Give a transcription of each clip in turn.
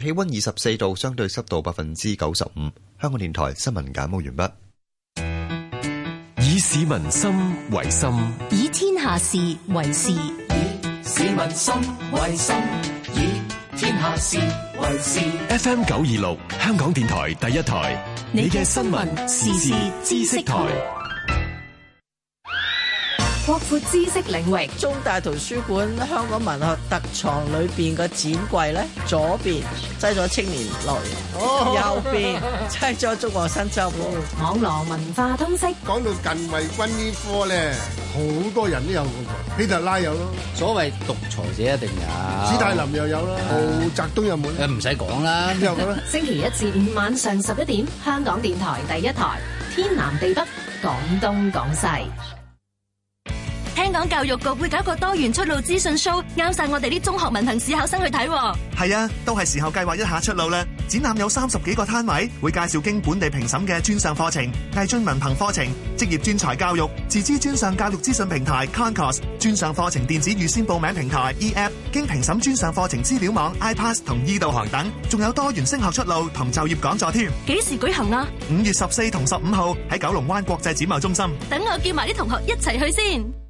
氣溫二十四度，相對濕度百分之九十五。香港電台新聞簡報完畢。以市民心為心，以天下事為事。以市民心為心，以天下事為事。FM 九二六，香港電台第一台，你嘅新聞時事知識台。擴闊知識領域，中大圖書館香港文學特藏裏邊個展櫃咧，左邊擠咗青年樂園，哦，右邊擠咗中國新周刊，網絡文化通識。講到近衛軍呢科咧，好多人都有，希特拉有咯，所謂獨裁者一定有，斯大林又有咯，毛澤東有冇？誒，唔使講啦，有啦。星期一至五晚上十一點，香港電台第一台，天南地北，講東講西。香港教育局會搞個多元出路資訊 show，啱晒，我哋啲中學文憑試考生去睇。係啊，都係時候計劃一下出路啦。展覽有三十幾個攤位，會介紹經本地評審嘅專上課程、毅進文憑課程、職業專才教育、自資專上教育資訊平台 Concourse、專上課程電子預先報名平台 eApp、e、App，經評審專上課程資料網 iPass 同 e 導航等，仲有多元升學出路同就業講座添。幾時舉行啊？五月十四同十五號喺九龍灣國際展貿中心。等我叫埋啲同學一齊去先。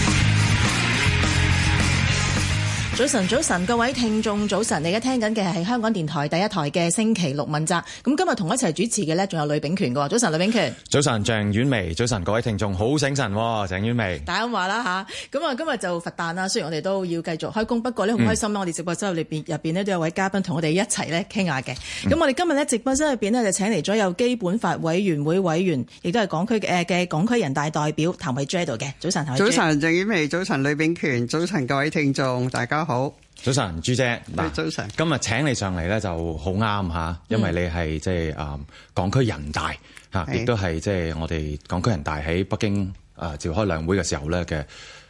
早晨，早晨，各位聽眾，早晨！你而家聽緊嘅係香港電台第一台嘅星期六問責。咁今日同我一齊主持嘅咧，仲有呂秉權噶。早晨，呂秉權。早晨，鄭婉薇。早晨，各位聽眾，好醒神。鄭婉薇。大家話啦吓，咁啊，今日就佛誕啦。雖然我哋都要繼續開工，不過咧好開心啦，我哋直播室裏邊入邊咧都有位嘉賓同我哋一齊咧傾下嘅。咁我哋今日咧直播室入邊咧就請嚟咗有基本法委員會委員，亦都係港區嘅嘅港區人大代表譚惠珠嘅。早晨，譚惠珠。早晨，鄭婉薇。早晨，呂秉權。早晨，各位聽眾，大家。好，早晨，珠姐，嗱，早晨，今日請你上嚟咧就好啱吓，因為你係即係誒，港區人大吓，亦都係即係我哋港區人大喺北京誒召開兩會嘅時候咧嘅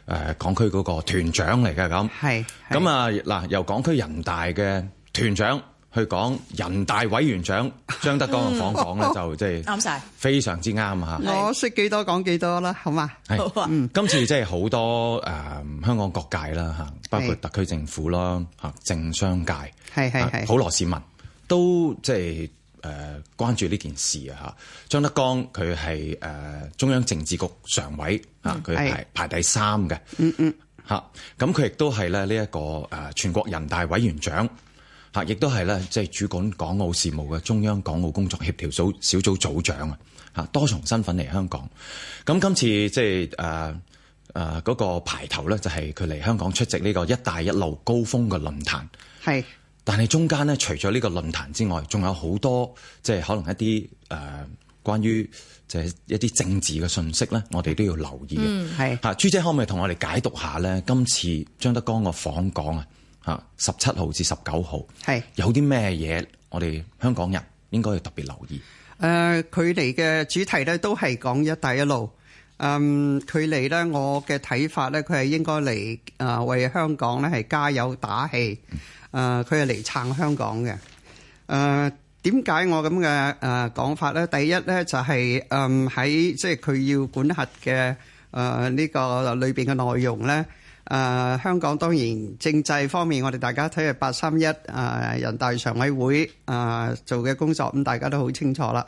誒港區嗰個團長嚟嘅咁，係，咁啊嗱，由港區人大嘅團長，去講人大委員長張德江嘅訪港咧， 就即係啱曬，非常之啱嚇。我識幾多講幾多啦，好嘛？係是，嗯， 今次即係好多誒、呃、香港各界啦嚇，包括特區政府啦嚇，是政商界係係係，普羅市民都即係誒關注呢件事啊嚇。張德江佢係誒中央政治局常委啊，佢排是排第三嘅，的嗯嗯嚇。咁佢亦都係咧呢一個誒全國人大委員長。嚇，亦都係咧，即係主管港澳事務嘅中央港澳工作協調組小組組長啊！嚇，多重身份嚟香港。咁今次即係誒誒嗰個排頭咧，就係佢嚟香港出席呢個一帶一路高峰嘅論壇。係是。但係中間咧，除咗呢個論壇之外，仲有好多即係可能一啲誒、呃、關於即係一啲政治嘅信息咧，我哋都要留意嘅。係、嗯。嚇，珠姐可唔可以同我哋解讀下咧？今次張德江個訪港啊！啊！十七號至十九號，係有啲咩嘢？我哋香港人應該要特別留意。誒，佢嚟嘅主題咧，都係講一帶一路。嗯，佢嚟咧，我嘅睇法咧，佢係應該嚟啊，為香港咧係加油打氣。誒，佢係嚟撐香港嘅。誒，點解我咁嘅誒講法咧？第一咧就係嗯喺即係佢要管轄嘅誒呢個裏邊嘅內容咧。誒香港當然政制方面，我哋大家睇下八三一誒人大常委會誒做嘅工作，咁大家都好清楚啦。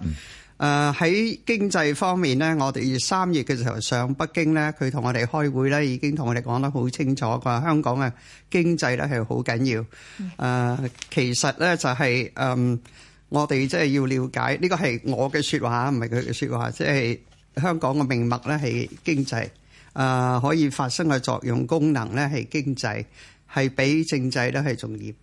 誒喺經濟方面咧，我哋三月嘅時候上北京咧，佢同我哋開會咧，已經同我哋講得好清楚，佢話香港嘅經濟咧係好緊要。誒其實咧就係誒，我哋即係要了解，呢個係我嘅説話，唔係佢嘅説話，即係香港嘅命脈咧係經濟。誒、呃，可以發生嘅作用功能咧，係經濟，係比政制咧係重要。誒、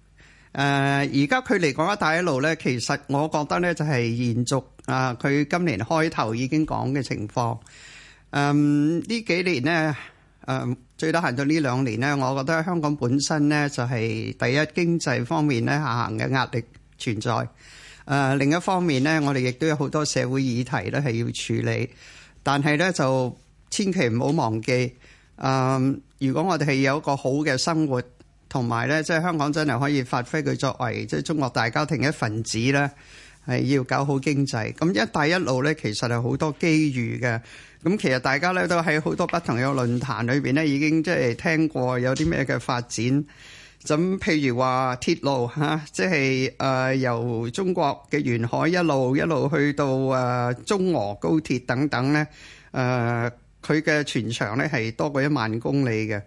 呃，而家佢嚟講一帶一路咧，其實我覺得咧就係延續啊，佢、呃、今年開頭已經講嘅情況。嗯、呃，呢幾年呢，誒、呃，最多行到呢兩年呢，我覺得香港本身咧就係、是、第一經濟方面咧下行嘅壓力存在。誒、呃，另一方面咧，我哋亦都有好多社會議題咧係要處理，但係咧就。千祈唔好忘記，誒！如果我哋係有一個好嘅生活，同埋咧，即係香港真係可以發揮佢作為即係中國大家庭嘅一份子咧。係要搞好經濟，咁一帶一路咧，其實係好多機遇嘅。咁其實大家咧都喺好多不同嘅論壇裏邊咧，已經即係聽過有啲咩嘅發展。咁譬如話鐵路嚇，即係誒由中國嘅沿海一路一路去到誒中俄高鐵等等咧，誒。佢嘅全長咧係多過一萬公里嘅，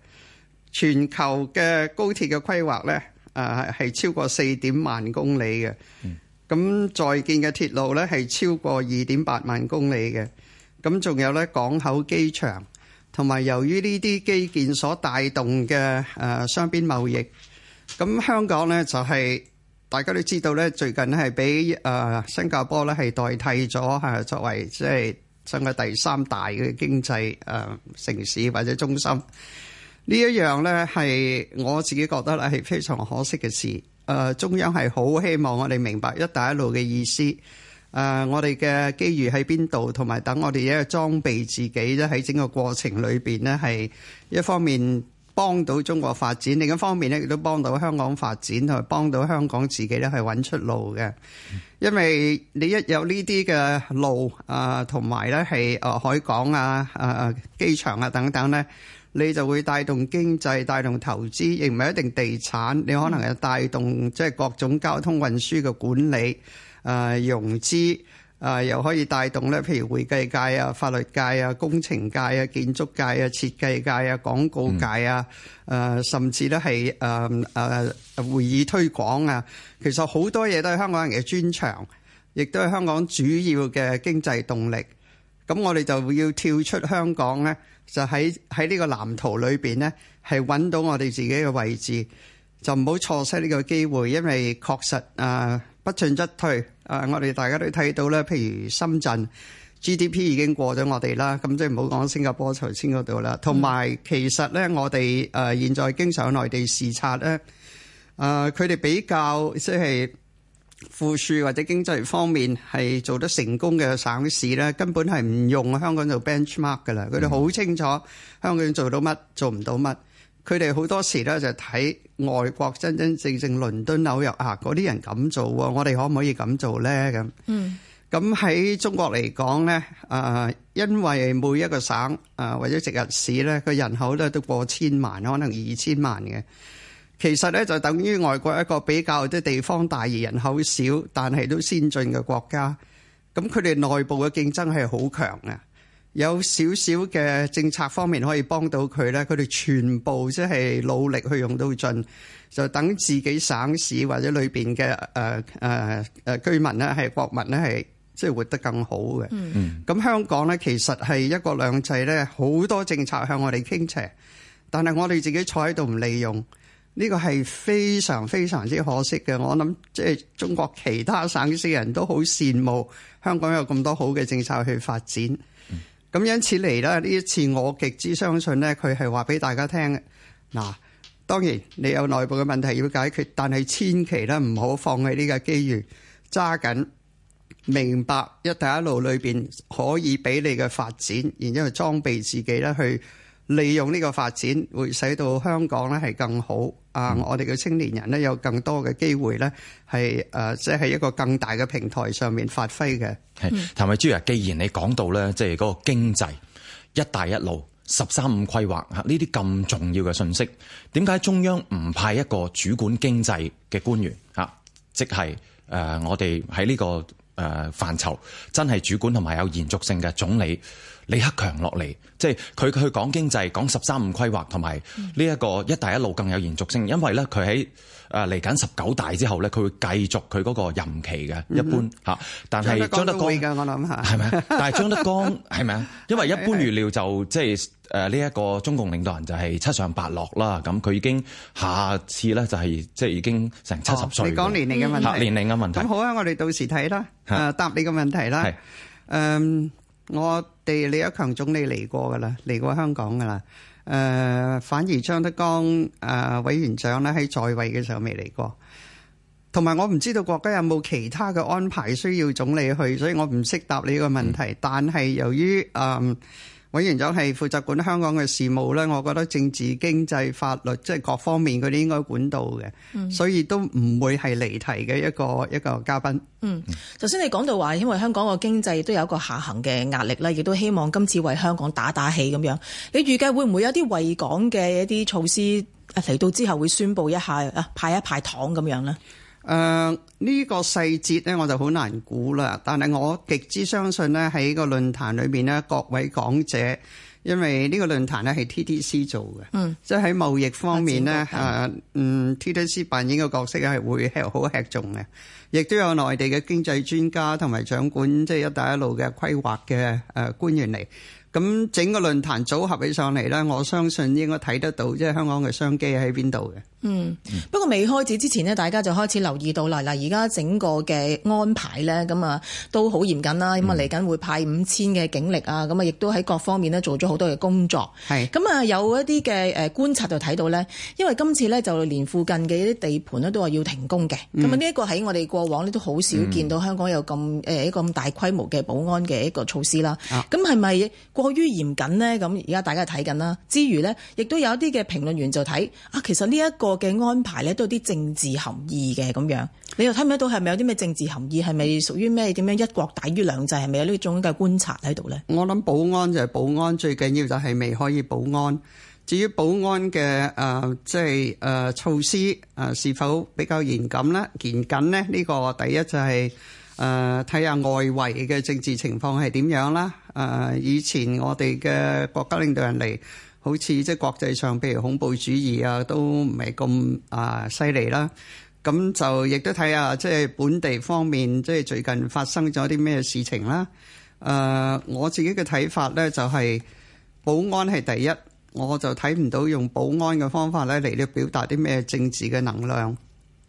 全球嘅高鐵嘅規劃咧，誒，係超過四點萬公里嘅。咁在、嗯、建嘅鐵路咧係超過二點八萬公里嘅。咁仲有咧港口、機場同埋由於呢啲基建所帶動嘅誒雙邊貿易。咁香港咧就係、是、大家都知道咧，最近咧係俾誒新加坡咧係代替咗係作為即係。上嘅第三大嘅經濟誒、呃、城市或者中心，呢一樣呢，係我自己覺得咧係非常可惜嘅事。誒、呃，中央係好希望我哋明白一帶一路嘅意思。誒、呃，我哋嘅機遇喺邊度，同埋等我哋一個裝備自己咧喺整個過程裏邊呢係一方面。幫到中國發展，另一方面咧亦都幫到香港發展，同埋幫到香港自己咧去揾出路嘅。嗯、因為你一有呢啲嘅路啊，同埋咧係啊海港啊、啊、呃、啊機場啊等等咧，你就會帶動經濟、帶動投資，亦唔係一定地產。你可能係帶動即係各種交通運輸嘅管理啊、呃、融資。啊、呃，又可以帶動咧，譬如會計界啊、法律界啊、工程界啊、建築界啊、設計界啊、廣告界啊，誒、呃，甚至咧係誒誒會議推廣啊。其實好多嘢都係香港人嘅專長，亦都係香港主要嘅經濟動力。咁我哋就要跳出香港咧，就喺喺呢個藍圖裏邊咧，係揾到我哋自己嘅位置，就唔好錯失呢個機會，因為確實啊、呃，不進則退。啊、呃！我哋大家都睇到咧，譬如深圳 GDP 已經過咗我哋啦，咁即係唔好講新加坡，頭先嗰度啦。同埋其實咧，我哋誒現在經常內地視察咧，誒佢哋比較即係富庶或者經濟方面係做得成功嘅省市咧，根本係唔用香港做 benchmark 噶啦。佢哋好清楚香港做到乜，做唔到乜。佢哋好多時咧就睇外國真真正正倫敦紐約啊，嗰啲人咁做啊，我哋可唔可以咁做咧？咁咁喺中國嚟講咧，啊、呃，因為每一個省啊、呃、或者直轄市咧，個人口咧都過千萬，可能二千萬嘅。其實咧就等於外國一個比較即地方大而人口少，但係都先進嘅國家。咁佢哋內部嘅競爭係好強嘅。有少少嘅政策方面可以幫到佢咧，佢哋全部即係努力去用到盡，就等自己省市或者裏邊嘅誒誒誒居民咧，係國民咧，係即係活得更好嘅。嗯，咁香港咧，其實係一國兩制咧，好多政策向我哋傾斜，但係我哋自己坐喺度唔利用呢個係非常非常之可惜嘅。我諗即係中國其他省市人都好羨慕香港有咁多好嘅政策去發展。咁因此嚟咧，呢一次我極之相信呢，佢係話俾大家聽。嗱，當然你有內部嘅問題要解決，但係千祈咧唔好放棄呢個機遇，揸緊，明白一帶一路裏邊可以俾你嘅發展，然之後裝備自己咧去。利用呢個發展，會使到香港咧係更好。嗯、啊，我哋嘅青年人咧有更多嘅機會咧，係、呃、誒，即、就、係、是、一個更大嘅平台上面發揮嘅。係、嗯，譚惠珠啊，既然你講到咧，即係嗰個經濟、一帶一路、十三五規劃啊，呢啲咁重要嘅信息，點解中央唔派一個主管經濟嘅官員啊？即係誒、呃，我哋喺呢個誒範疇真係主管同埋有延續性嘅總理。李克強落嚟，即係佢去講經濟，講十三五規劃，同埋呢一個一帶一路更有延續性。因為咧，佢喺誒嚟緊十九大之後咧，佢會繼續佢嗰個任期嘅一般吓、嗯。但係張德江，我諗下，係咪但係張德江係咪啊？因為一般預料就即係誒呢一個中共領導人就係七上八落啦。咁佢已經下次咧就係即係已經成七十歲。你講年齡嘅問題，嗯、年齡嘅問題咁好啊。我哋到時睇啦，答你嘅問題啦。誒係、um, 我。地李克強總理嚟過㗎喇，嚟過香港㗎喇。誒、呃，反而張德江誒、呃、委員長咧，喺在位嘅時候未嚟過。同埋我唔知道國家有冇其他嘅安排需要總理去，所以我唔識答你呢個問題。嗯、但係由於誒。呃委員長係負責管香港嘅事務咧，我覺得政治、經濟、法律，即係各方面佢哋應該管到嘅，嗯、所以都唔會係離題嘅一個一個嘉賓。嗯，頭先你講到話，因為香港個經濟都有一個下行嘅壓力咧，亦都希望今次為香港打打氣咁樣。你預計會唔會有啲惠港嘅一啲措施嚟到之後會宣布一下啊，派一派糖咁樣呢？誒，呢、呃這個細節咧，我就好難估啦。但係我極之相信呢，喺個論壇裏面呢，各位講者，因為呢個論壇咧係 T D C 做嘅，嗯、即係喺貿易方面呢誒，啊、嗯，T D C 扮演嘅角色係會係好吃重嘅。亦都有內地嘅經濟專家同埋掌管即係、就是、一帶一路嘅規劃嘅誒官員嚟。咁整個論壇組合起上嚟呢，我相信應該睇得到，即係香港嘅商機喺邊度嘅。嗯，不過未開始之前呢，大家就開始留意到啦。嗱，而家整個嘅安排咧，咁啊都好嚴謹啦。咁啊，嚟緊會派五千嘅警力啊，咁啊，亦都喺各方面咧做咗好多嘅工作。係是，咁啊、嗯、有一啲嘅誒觀察就睇到咧，因為今次咧就連附近嘅一啲地盤咧都話要停工嘅。咁啊、嗯，呢一個喺我哋過往呢，都好少見到香港有咁誒一個咁大規模嘅保安嘅一個措施啦。啊，咁係咪過於嚴謹呢？咁而家大家睇緊啦。之餘呢，亦都有一啲嘅評論員就睇啊，其實呢、這、一個。嘅安排咧都有啲政治含義嘅咁樣，你又睇唔睇到係咪有啲咩政治含義？係咪屬於咩點樣一國大於兩制？係咪有呢種嘅觀察喺度咧？我諗保安就係保安，最緊要就係未可以保安。至於保安嘅誒，即係誒措施誒，是否比較嚴謹咧？嚴謹呢？呢個第一就係誒睇下外圍嘅政治情況係點樣啦。誒、呃、以前我哋嘅國家領導人嚟。好似即係國際上，譬如恐怖主義、呃、啊，都唔係咁啊犀利啦。咁就亦都睇下即係本地方面，即係最近發生咗啲咩事情啦。誒、呃、我自己嘅睇法咧，就係保安係第一，我就睇唔到用保安嘅方法咧嚟到表達啲咩政治嘅能量。嗯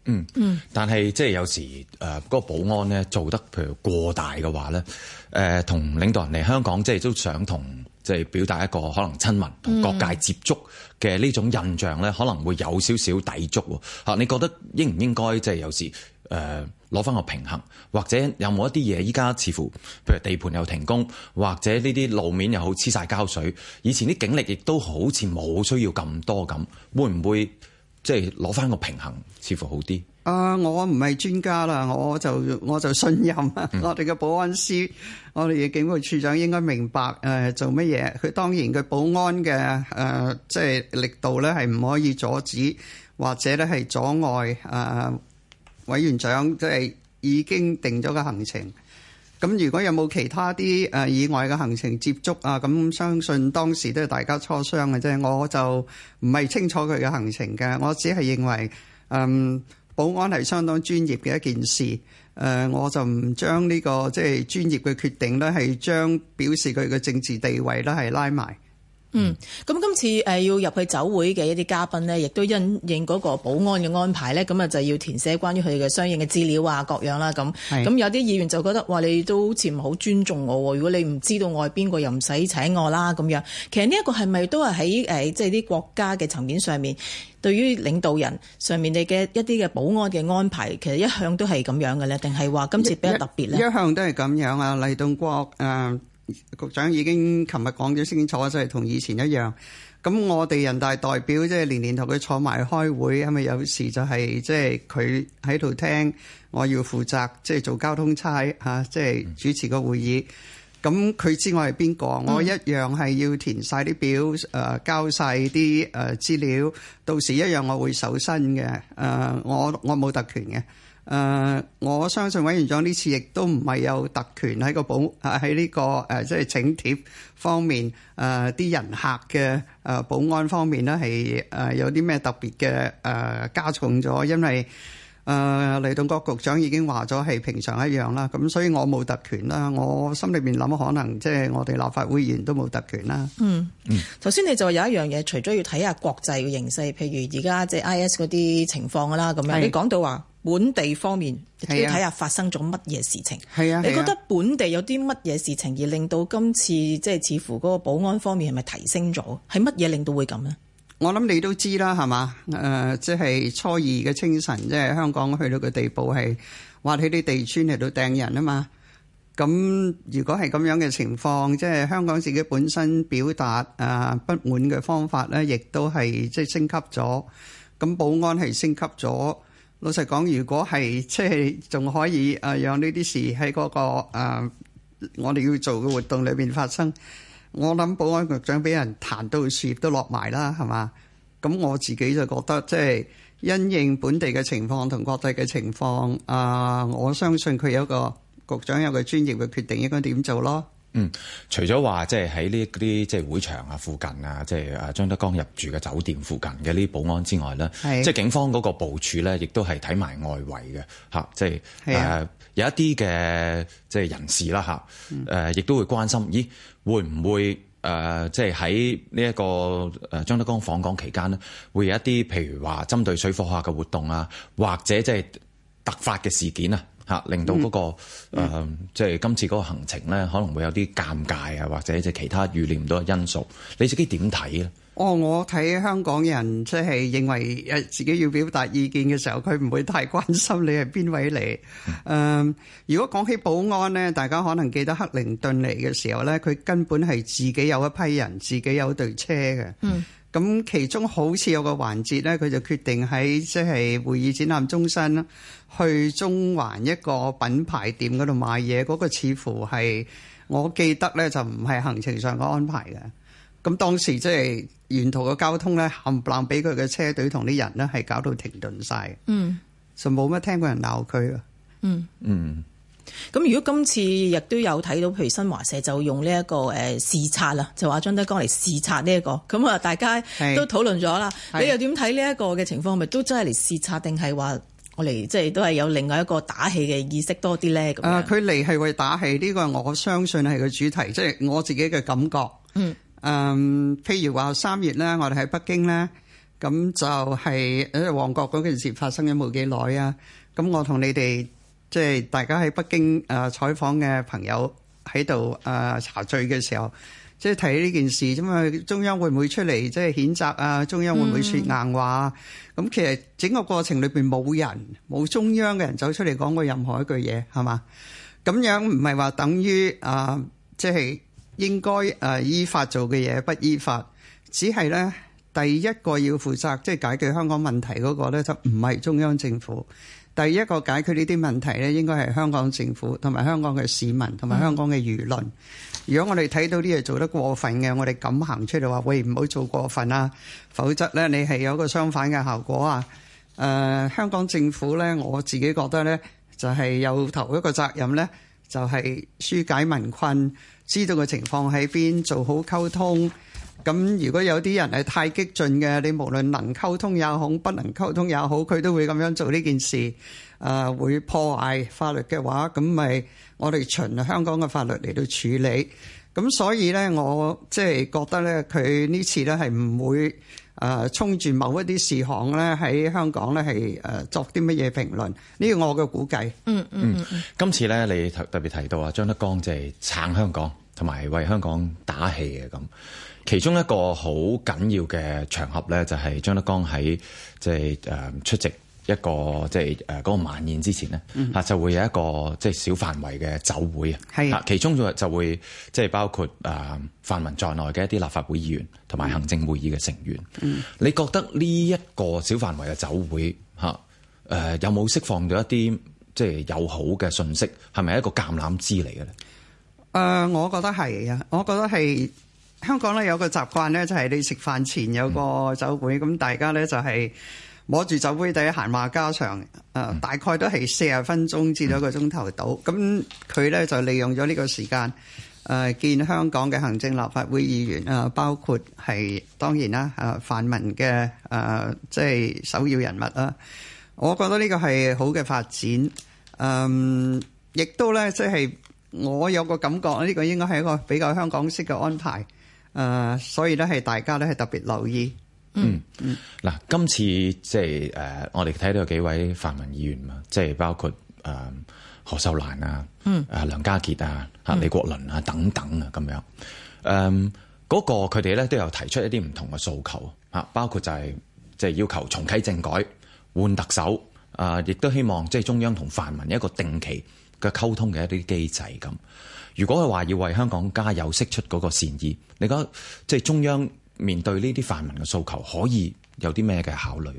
嗯，嗯但係即係有時誒個、呃、保安咧做得譬如過大嘅話咧，誒、呃、同領導人嚟香港即係都想同。即係表達一個可能親民同各界接觸嘅呢種印象咧，可能會有少少抵觸。嚇，你覺得應唔應該即係、就是、有時誒攞翻個平衡，或者有冇一啲嘢依家似乎譬如地盤又停工，或者呢啲路面又好黐晒膠水，以前啲警力亦都好似冇需要咁多咁，會唔會？即係攞翻個平衡，似乎好啲。啊、呃，我唔係專家啦，我就我就信任啊，嗯、 我哋嘅保安司，我哋嘅警務處長應該明白誒、呃、做乜嘢。佢當然佢保安嘅誒、呃、即係力度咧係唔可以阻止或者咧係阻礙啊、呃、委員長即係已經定咗個行程。咁如果有冇其他啲誒、呃、以外嘅行程接觸啊？咁、嗯、相信當時都係大家磋商嘅啫。我就唔係清楚佢嘅行程嘅，我只係認為嗯，保安係相當專業嘅一件事。誒、呃、我就唔將呢個即係專業嘅決定咧，係將表示佢嘅政治地位咧，係拉埋。嗯，咁今次誒要入去酒會嘅一啲嘉賓呢，亦都因應嗰個保安嘅安排呢，咁啊就要填寫關於佢哋嘅相應嘅資料啊，各樣啦咁。咁是有啲議員就覺得話：你都好似唔好尊重我喎，如果你唔知道我係邊個，又唔使請我啦咁樣。其實呢一個係咪都係喺誒，即係啲國家嘅層面上面，對於領導人上面你嘅一啲嘅保安嘅安排，其實一向都係咁樣嘅呢？定係話今次比較特別呢？一,一,一向都係咁樣啊，嚟到國誒。呃局長已經琴日講咗先坐咗，係同以前一樣。咁我哋人大代表即係年年同佢坐埋開會，係咪有時就係即係佢喺度聽，我要負責即係做交通差吓，啊，即係主持個會議。咁佢知我係邊個，我一樣係要填晒啲表，誒交晒啲誒資料，到時一樣我會搜身嘅。誒，我我冇特權嘅。誒，uh, 我相信委員長呢次亦都唔係有特權喺個保喺呢、呢個誒，即係請帖方面，誒、呃、啲人客嘅誒、呃、保安方面咧係誒有啲咩特別嘅誒加重咗，因為。誒，黎棟、呃、國局長已經話咗係平常一樣啦，咁所以我冇特權啦。我心裏面諗可能即係我哋立法會議員都冇特權啦。嗯，頭先、嗯、你就有一樣嘢，除咗要睇下國際嘅形勢，譬如而家即係 IS 嗰啲情況啦，咁樣是你講到話本地方面、啊、要睇下發生咗乜嘢事情。係啊，啊你覺得本地有啲乜嘢事情而令到今次即係、就是、似乎嗰個保安方面係咪提升咗？係乜嘢令到會咁呢？我諗你都知啦，係嘛？誒、呃，即係初二嘅清晨，即係香港去到個地步係，挖起啲地村嚟到掟人啊嘛。咁如果係咁樣嘅情況，即係香港自己本身表達啊、呃、不滿嘅方法咧，亦都係即係升級咗。咁保安係升級咗。老實講，如果係即係仲可以啊、那個，讓呢啲事喺嗰個我哋要做嘅活動裏邊發生。我諗保安局長俾人彈到樹葉都落埋啦，係嘛？咁我自己就覺得，即、就、係、是、因應本地嘅情況同各地嘅情況，啊、呃，我相信佢有一個局長有個專業嘅決定，應該點做咯。嗯，除咗話即係喺呢啲即係會場啊、附近啊，即係啊張德江入住嘅酒店附近嘅呢啲保安之外咧，即係是、啊、警方嗰個部署咧，亦都係睇埋外圍嘅，吓，即係誒。有一啲嘅即係人士啦嚇，誒、呃、亦都會關心，咦會唔會誒即係喺呢一個誒張德江訪港期間咧，會有一啲譬如話針對水貨客嘅活動啊，或者即係突發嘅事件啊嚇，令到嗰、那個即係今次嗰個行程咧可能會有啲尷尬啊，或者即係其他預念唔到嘅因素，你自己點睇咧？哦，我睇香港人即係認為誒自己要表達意見嘅時候，佢唔會太關心你係邊位嚟。誒、嗯，如果講起保安呢，大家可能記得克林頓嚟嘅時候呢，佢根本係自己有一批人，自己有隊車嘅。嗯。咁其中好似有個環節呢，佢就決定喺即係會議展覽中心去中環一個品牌店嗰度買嘢，嗰、嗰個似乎係我記得呢，就唔係行程上嘅安排嘅。咁當時即係沿途嘅交通咧，冚唪唥俾佢嘅車隊同啲人呢，係搞到停頓晒，嗯，就冇乜聽過人鬧佢。嗯嗯。咁、嗯、如果今次亦都有睇到，譬如新華社就用呢一個誒視察啦，就話張德江嚟視察呢、這、一個。咁啊，大家都討論咗啦。是你又點睇呢一個嘅情況？咪都是真係嚟視察，定係話我哋即係都係有另外一個打氣嘅意識多啲咧？咁啊，佢嚟係為打氣，呢、這個我相信係個主題，即、就、係、是、我自己嘅感覺。嗯。嗯，譬如話三月咧，我哋喺北京咧，咁就係喺旺角嗰件事發生咗冇幾耐啊。咁我同你哋即係大家喺北京啊採訪嘅朋友喺度啊茶聚嘅時候，即係睇呢件事，因為中央會唔會出嚟即係譴責啊？中央會唔會說硬話？咁其實整個過程裏邊冇人，冇中央嘅人走出嚟講過任何一句嘢，係嘛？咁樣唔係話等於啊，即係。應該誒、呃、依法做嘅嘢不依法，只係咧第一個要負責，即係解決香港問題嗰個咧，就唔係中央政府。第一個解決呢啲問題咧，應該係香港政府同埋香港嘅市民同埋香港嘅輿論。嗯、如果我哋睇到啲嘢做得過分嘅，我哋敢行出嚟話，喂，唔好做過分啊，否則咧你係有個相反嘅效果啊。誒、呃，香港政府咧，我自己覺得咧就係有頭一個責任咧，就係、是、紓解民困。知道嘅情況喺邊，做好溝通。咁如果有啲人係太激進嘅，你無論能溝通也好，不能溝通也好，佢都會咁樣做呢件事。誒、呃，會破壞法律嘅話，咁咪我哋循香港嘅法律嚟到處理。咁所以呢，我即係覺得呢，佢呢次呢係唔會。誒，衝住、呃、某一啲事項咧，喺香港咧係誒作啲乜嘢評論？呢個我嘅估計。嗯嗯，嗯，嗯。今次咧，你特特別提到啊，張德江即係撐香港，同埋為香港打氣嘅咁。其中一個好緊要嘅場合咧，就係張德江喺即係誒出席。一個即係誒嗰晚宴之前咧，嚇、嗯啊、就會有一個即係、就是、小範圍嘅酒會啊，嚇是其中就會就會即係包括誒泛民在內嘅一啲立法會議員同埋行政會議嘅成員。嗯、你覺得呢一個小範圍嘅酒會嚇誒、啊呃、有冇釋放到一啲即係友好嘅訊息？係咪一個橄欖枝嚟嘅咧？誒、呃，我覺得係啊，我覺得係香港咧有個習慣咧，就係你食飯前有個酒會，咁、嗯、大家咧就係、是。嗯摸住酒杯底閒話家常，誒、呃、大概都係四十分鐘至到一個鐘頭到，咁佢咧就利用咗呢個時間，誒、呃、見香港嘅行政立法會議員，誒、呃、包括係當然啦，誒、啊、泛民嘅誒即係首要人物啦。我覺得呢個係好嘅發展，誒、呃、亦都咧即係我有個感覺，呢、呢個應該係一個比較香港式嘅安排，誒、呃、所以咧係大家咧係特別留意。嗯嗯，嗱，今次即係誒，我哋睇到有幾位泛民議員嘛，即係包括誒、呃、何秀蘭啊，嗯、呃，啊梁家傑啊，啊、呃、李國麟啊等等啊咁樣，誒、嗯、嗰、嗰個佢哋咧都有提出一啲唔同嘅訴求啊，包括就係即係要求重啟政改、換特首，啊、呃，亦都希望即係中央同泛民一個定期嘅溝通嘅一啲機制咁。如果佢話要為香港加油釋出嗰個善意，你覺得即係中央？面對呢啲泛民嘅訴求，可以有啲咩嘅考慮？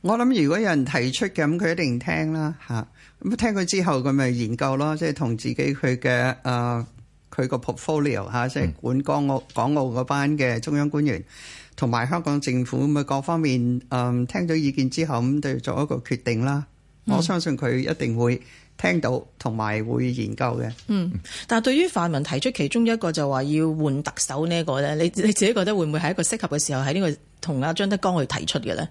我諗如果有人提出嘅，咁佢一定聽啦，吓咁聽佢之後，佢咪研究咯，即係同自己佢嘅啊，佢個 portfolio 吓，port io, 即係管港澳港澳嗰班嘅中央官員，同埋、嗯、香港政府咁啊各方面，嗯，聽咗意見之後咁就作一個決定啦。嗯、我相信佢一定會。聽到同埋會研究嘅。嗯，但係對於泛民提出其中一個就話要換特首呢、這、一個咧，你你自己覺得會唔會喺一個適合嘅時候喺呢、這個同阿張德江去提出嘅咧？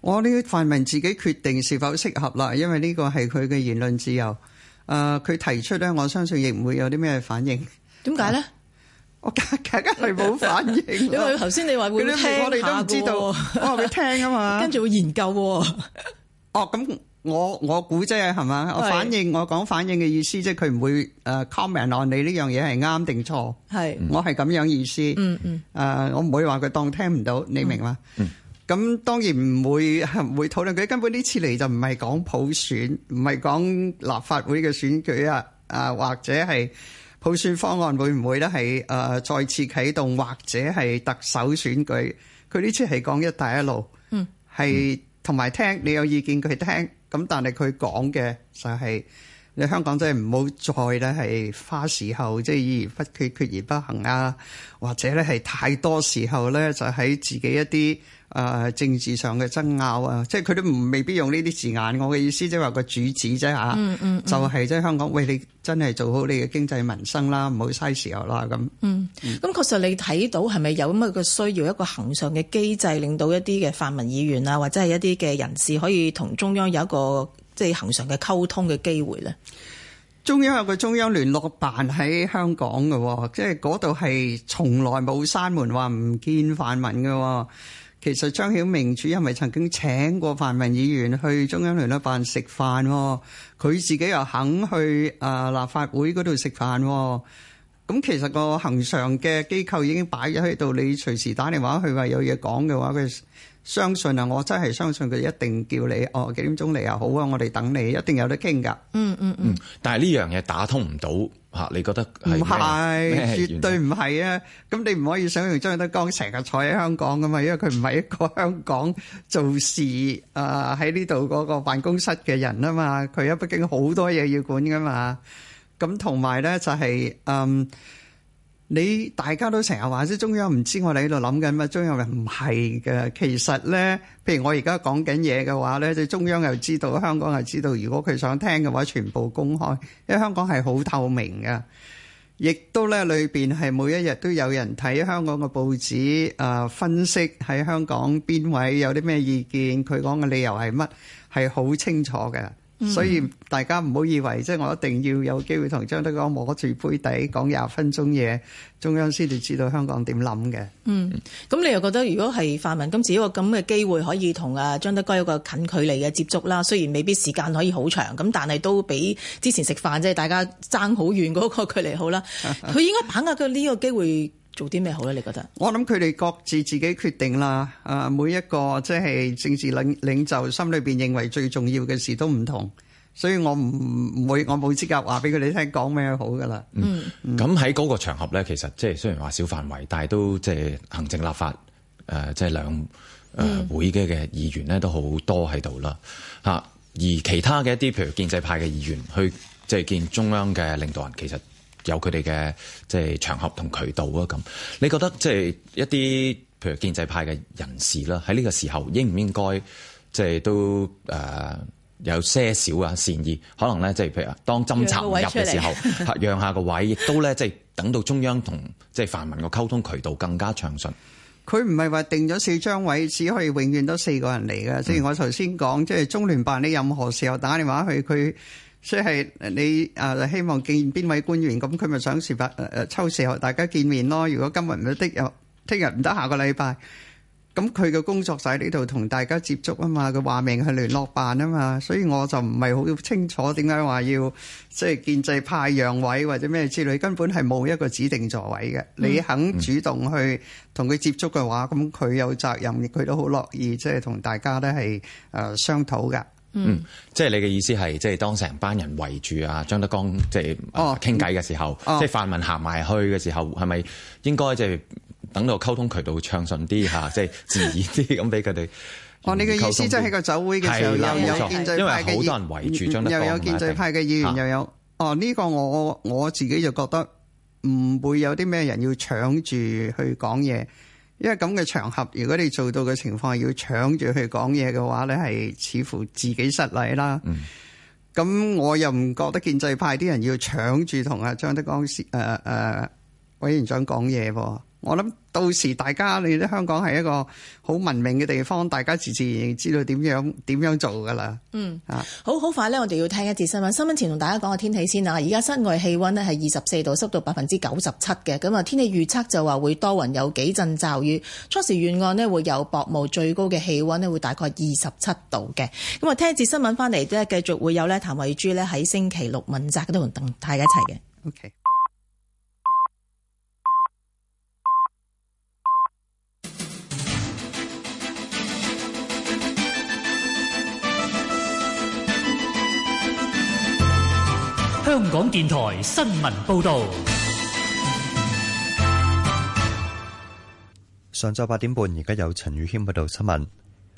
我呢、哦這個、泛民自己決定是否適合啦，因為呢個係佢嘅言論自由。誒、呃，佢提出咧，我相信亦唔會有啲咩反應。點解咧？我家家係冇反應。 因為你頭先你話會聽，我哋都唔知道，我話佢聽啊嘛， 跟住會研究 哦。哦，咁。我我估啫，係嘛？我反應我講反應嘅意思，即係佢唔會誒 commenton 你呢樣嘢係啱定錯。係我係咁樣意思。嗯嗯。誒，我唔會話佢當聽唔到，你明嘛？嗯。咁當然唔會唔會討論，佢根本呢次嚟就唔係講普選，唔係講立法會嘅選舉啊。啊，或者係普選方案會唔會咧係誒再次啟動，或者係特首選舉？佢呢次係講一帶一路。嗯。係同埋聽你有意見，佢聽。咁但係佢講嘅就係。你香港真係唔好再咧係花時候，即係意而不決，決而不行啊，或者咧係太多時候咧就喺自己一啲誒、呃、政治上嘅爭拗啊！即係佢都唔未必用呢啲字眼，我嘅意思即係話個主旨啫嚇，嗯嗯嗯、就係即係香港，喂，你真係做好你嘅經濟民生啦，唔好嘥時候啦咁。嗯，咁確實你睇到係咪有咁嘅需要一個恒常嘅機制，令到一啲嘅泛民議員啊，或者係一啲嘅人士可以同中央有一個？即係恒常嘅溝通嘅機會咧，中央有個中央聯絡辦喺香港嘅，哦，即係嗰度係從來冇閂門，話唔見泛民嘅。其實張曉明主任咪曾經請過泛民議員去中央聯絡辦食飯，哦，佢自己又肯去誒立、呃、法會嗰度食飯。哦，咁其實個恒常嘅機構已經擺咗喺度，你隨時打電話去話有嘢講嘅話，佢。相信啊！我真係相信佢一定叫你哦，幾點鐘嚟啊？好啊，我哋等你，一定有得傾噶。嗯嗯嗯。但係呢樣嘢打通唔到嚇，你覺得係唔係？絕對唔係啊！咁你唔可以想像張德江成日坐喺香港噶嘛？因為佢唔係一個香港做事啊喺呢度嗰個辦公室嘅人啊嘛。佢喺北京好多嘢要管噶嘛。咁同埋咧就係嗯。你大家都成日話啲中央唔知我哋喺度諗緊乜，中央唔係嘅。其實咧，譬如我而家講緊嘢嘅話咧，即中央又知道，香港又知道。如果佢想聽嘅話，全部公開，因為香港係好透明嘅。亦都咧，裏邊係每一日都有人睇香港嘅報紙，誒、呃、分析喺香港邊位有啲咩意見，佢講嘅理由係乜，係好清楚嘅。所以大家唔好以為即係我一定要有機會同張德江摸住杯底講廿分鐘嘢，中央先至知道香港點諗嘅。嗯，咁你又覺得如果係泛民，今次一個咁嘅機會可以同啊張德江有個近距離嘅接觸啦，雖然未必時間可以好長，咁但係都比之前食飯即係大家爭好遠嗰個距離好啦。佢應該把握佢呢個機會。做啲咩好咧？你覺得我諗佢哋各自自己決定啦。誒、啊，每一個即係政治領領袖心裏邊認為最重要嘅事都唔同，所以我唔唔會我冇資格話俾佢哋聽講咩好噶啦。嗯，咁喺嗰個場合咧，其實即係雖然話小範圍，但係都即係行政立法誒，即、呃、係、就是、兩誒、呃、會嘅嘅議員咧都好多喺度啦。嚇、嗯，而其他嘅一啲譬如建制派嘅議員去即係見中央嘅領導人，其實，有佢哋嘅即係場合同渠道啊咁，你覺得即係一啲譬如建制派嘅人士啦，喺呢個時候應唔應該即係都誒有些少啊善意，可能咧即係譬如啊，當針插唔入嘅時候，讓下個位，亦都咧即係等到中央同即係泛民嘅溝通渠道更加暢順？佢唔係話定咗四張位，只可以永遠都四個人嚟噶。正如我頭先講，即係中聯辦，你任何時候打電話去佢。即係你啊，希望見邊位官員，咁佢咪想事發誒抽時候大家見面咯。如果今日唔得，又聽日唔得，下個禮拜，咁佢嘅工作就喺呢度同大家接觸啊嘛，佢話明係聯絡辦啊嘛，所以我就唔係好清楚點解話要即係建制派讓位或者咩之類，根本係冇一個指定座位嘅。你肯主動去同佢接觸嘅話，咁佢有責任，亦佢都好樂意即係同大家咧係誒商討噶。嗯，即係你嘅意思係，即係當成班人圍住啊張德江，即係傾偈嘅時候，哦、即係泛民行埋去嘅時候，係咪、哦、應該即係等到溝通渠道暢順啲吓， 即係自然啲咁俾佢哋。哦，你嘅意思即係喺個酒會嘅時候，的又有建制派嘅，因為好多人圍住張德江又有建制派嘅議員，又有、啊、哦呢、這個我我自己就覺得唔會有啲咩人要搶住去講嘢。因為咁嘅場合，如果你做到嘅情況係要搶住去講嘢嘅話咧，係似乎自己失禮啦。咁、嗯、我又唔覺得建制派啲人要搶住同阿張德江司誒誒委員長講嘢噃。我諗到時大家，你喺香港係一個好文明嘅地方，大家自自然然知道點樣點樣做噶啦。嗯，啊，好好快咧，我哋要聽一節新聞。新聞前同大家講個天氣先啦。而家室外氣溫呢係二十四度，濕度百分之九十七嘅。咁啊，天氣預測就話會多雲，有幾陣驟雨。初時沿岸呢會有薄霧，最高嘅氣溫呢會大概二十七度嘅。咁啊，聽一節新聞翻嚟咧，繼續會有咧譚惠珠咧喺星期六問責嗰度同大家一齊嘅。OK。香港電台新聞報道：上晝八點半，而家有陳宇謙報道新聞。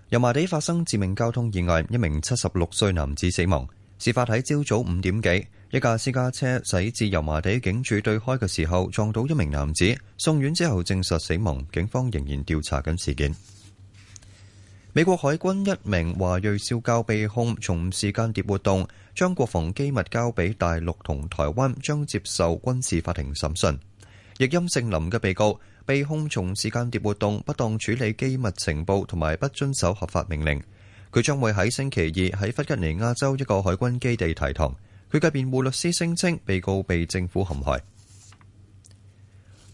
油麻地發生致命交通意外，一名七十六歲男子死亡。事發喺朝早五點幾，一架私家車駛至油麻地警署對開嘅時候，撞到一名男子，送院之後證實死亡。警方仍然調查緊事件。美國海軍一名華裔少校被控從事間諜活動，將國防機密交俾大陸同台灣，將接受軍事法庭審訊。譯音姓林嘅被告被控從事間諜活動、不當處理機密情報同埋不遵守合法命令。佢將會喺星期二喺弗吉尼亞州一個海軍基地提堂。佢嘅辯護律師聲稱，被告被政府陷害。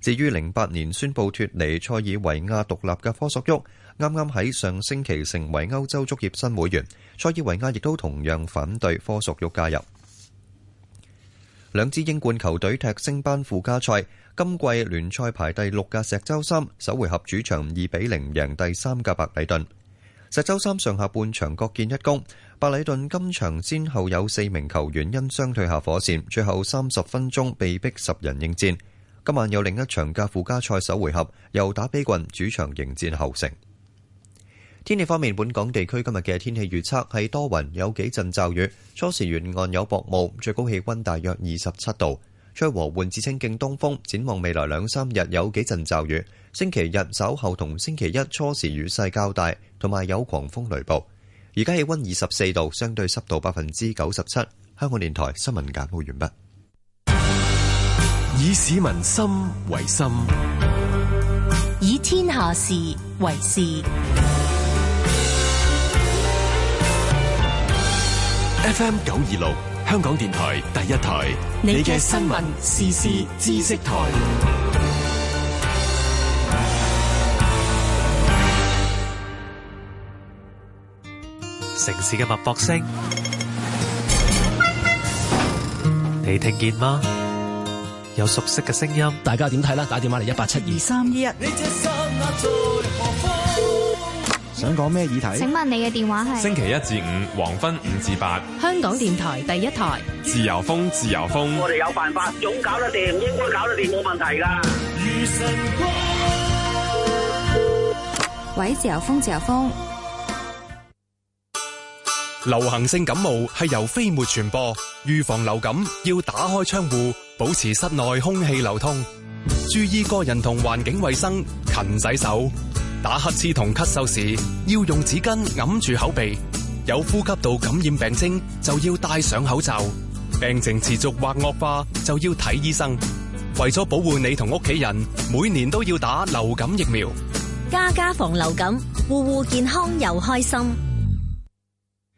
至於零八年宣布脱離塞爾維亞獨立嘅科索沃，啱啱喺上星期成為歐洲足協新會員。塞爾維亞亦都同樣反對科索沃加入。兩支英冠球隊踢升班附加賽，今季聯賽排第六嘅石洲三首回合主場二比零贏第三嘅白禮頓。石洲三上下半場各建一功，白禮頓今場先後有四名球員因傷退下火線，最後三十分鐘被逼十人應戰。今晚有另一場嘅附加賽首回合，由打比郡主場迎戰後城。天氣方面，本港地區今日嘅天氣預測係多雲，有幾陣驟雨，初時沿岸有薄霧，最高氣温大約二十七度。吹和緩至清勁東風。展望未來兩三日有幾陣驟雨，星期日稍後同星期一初時雨勢較大，同埋有，有狂風雷暴。而家氣温二十四度，相對濕度百分之九十七。香港電台新聞簡報完畢。以市民心為心，以天下事為事。FM 九二六，香港電台第一台，你嘅新聞、時事、知識台。城市嘅脈搏聲，你聽見嗎？有熟悉嘅聲音，大家點睇啦？打電話嚟一八七二三二一。你啊、想講咩議題？請問你嘅電話係？星期一至五，黃昏五至八。香港電台第一台。自由風，自由風。我哋有辦法，總搞得掂，應該搞得掂，冇問題啦。神光喂，自由風，自由風。流行性感冒係由飛沫傳播，預防流感要打開窗戶，保持室內空氣流通，注意個人同環境衛生，勤洗手，打乞嗤同咳嗽時要用紙巾掩住口鼻，有呼吸道感染病徵就要戴上口罩，病情持續或惡化就要睇醫生。為咗保護你同屋企人，每年都要打流感疫苗，家家防流感，戶戶健康又開心。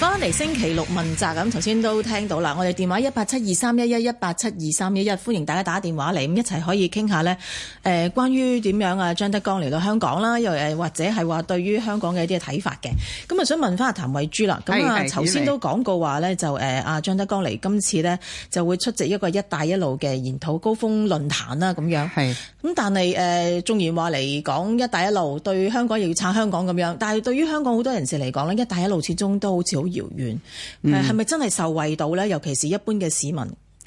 翻嚟星期六問責咁，頭先都聽到啦。我哋電話一八七二三一一一八七二三一一，歡迎大家打電話嚟，咁一齊可以傾下呢誒、呃，關於點樣啊？張德江嚟到香港啦，又誒，或者係話對於香港嘅一啲睇法嘅。咁啊，想問翻阿譚慧珠啦。咁啊，頭先都講過話呢，就誒啊張德江嚟今次呢就會出席一個一帶一路嘅研討高峰論壇啦，咁樣。係是。咁但係誒，縱、呃、然話嚟講一帶一路對香港又要撐香港咁樣，但係對於香港好多人士嚟講咧，一帶一,一路始終都好似好。遙遠，係咪、嗯、真係受惠到咧？尤其是一般嘅市民，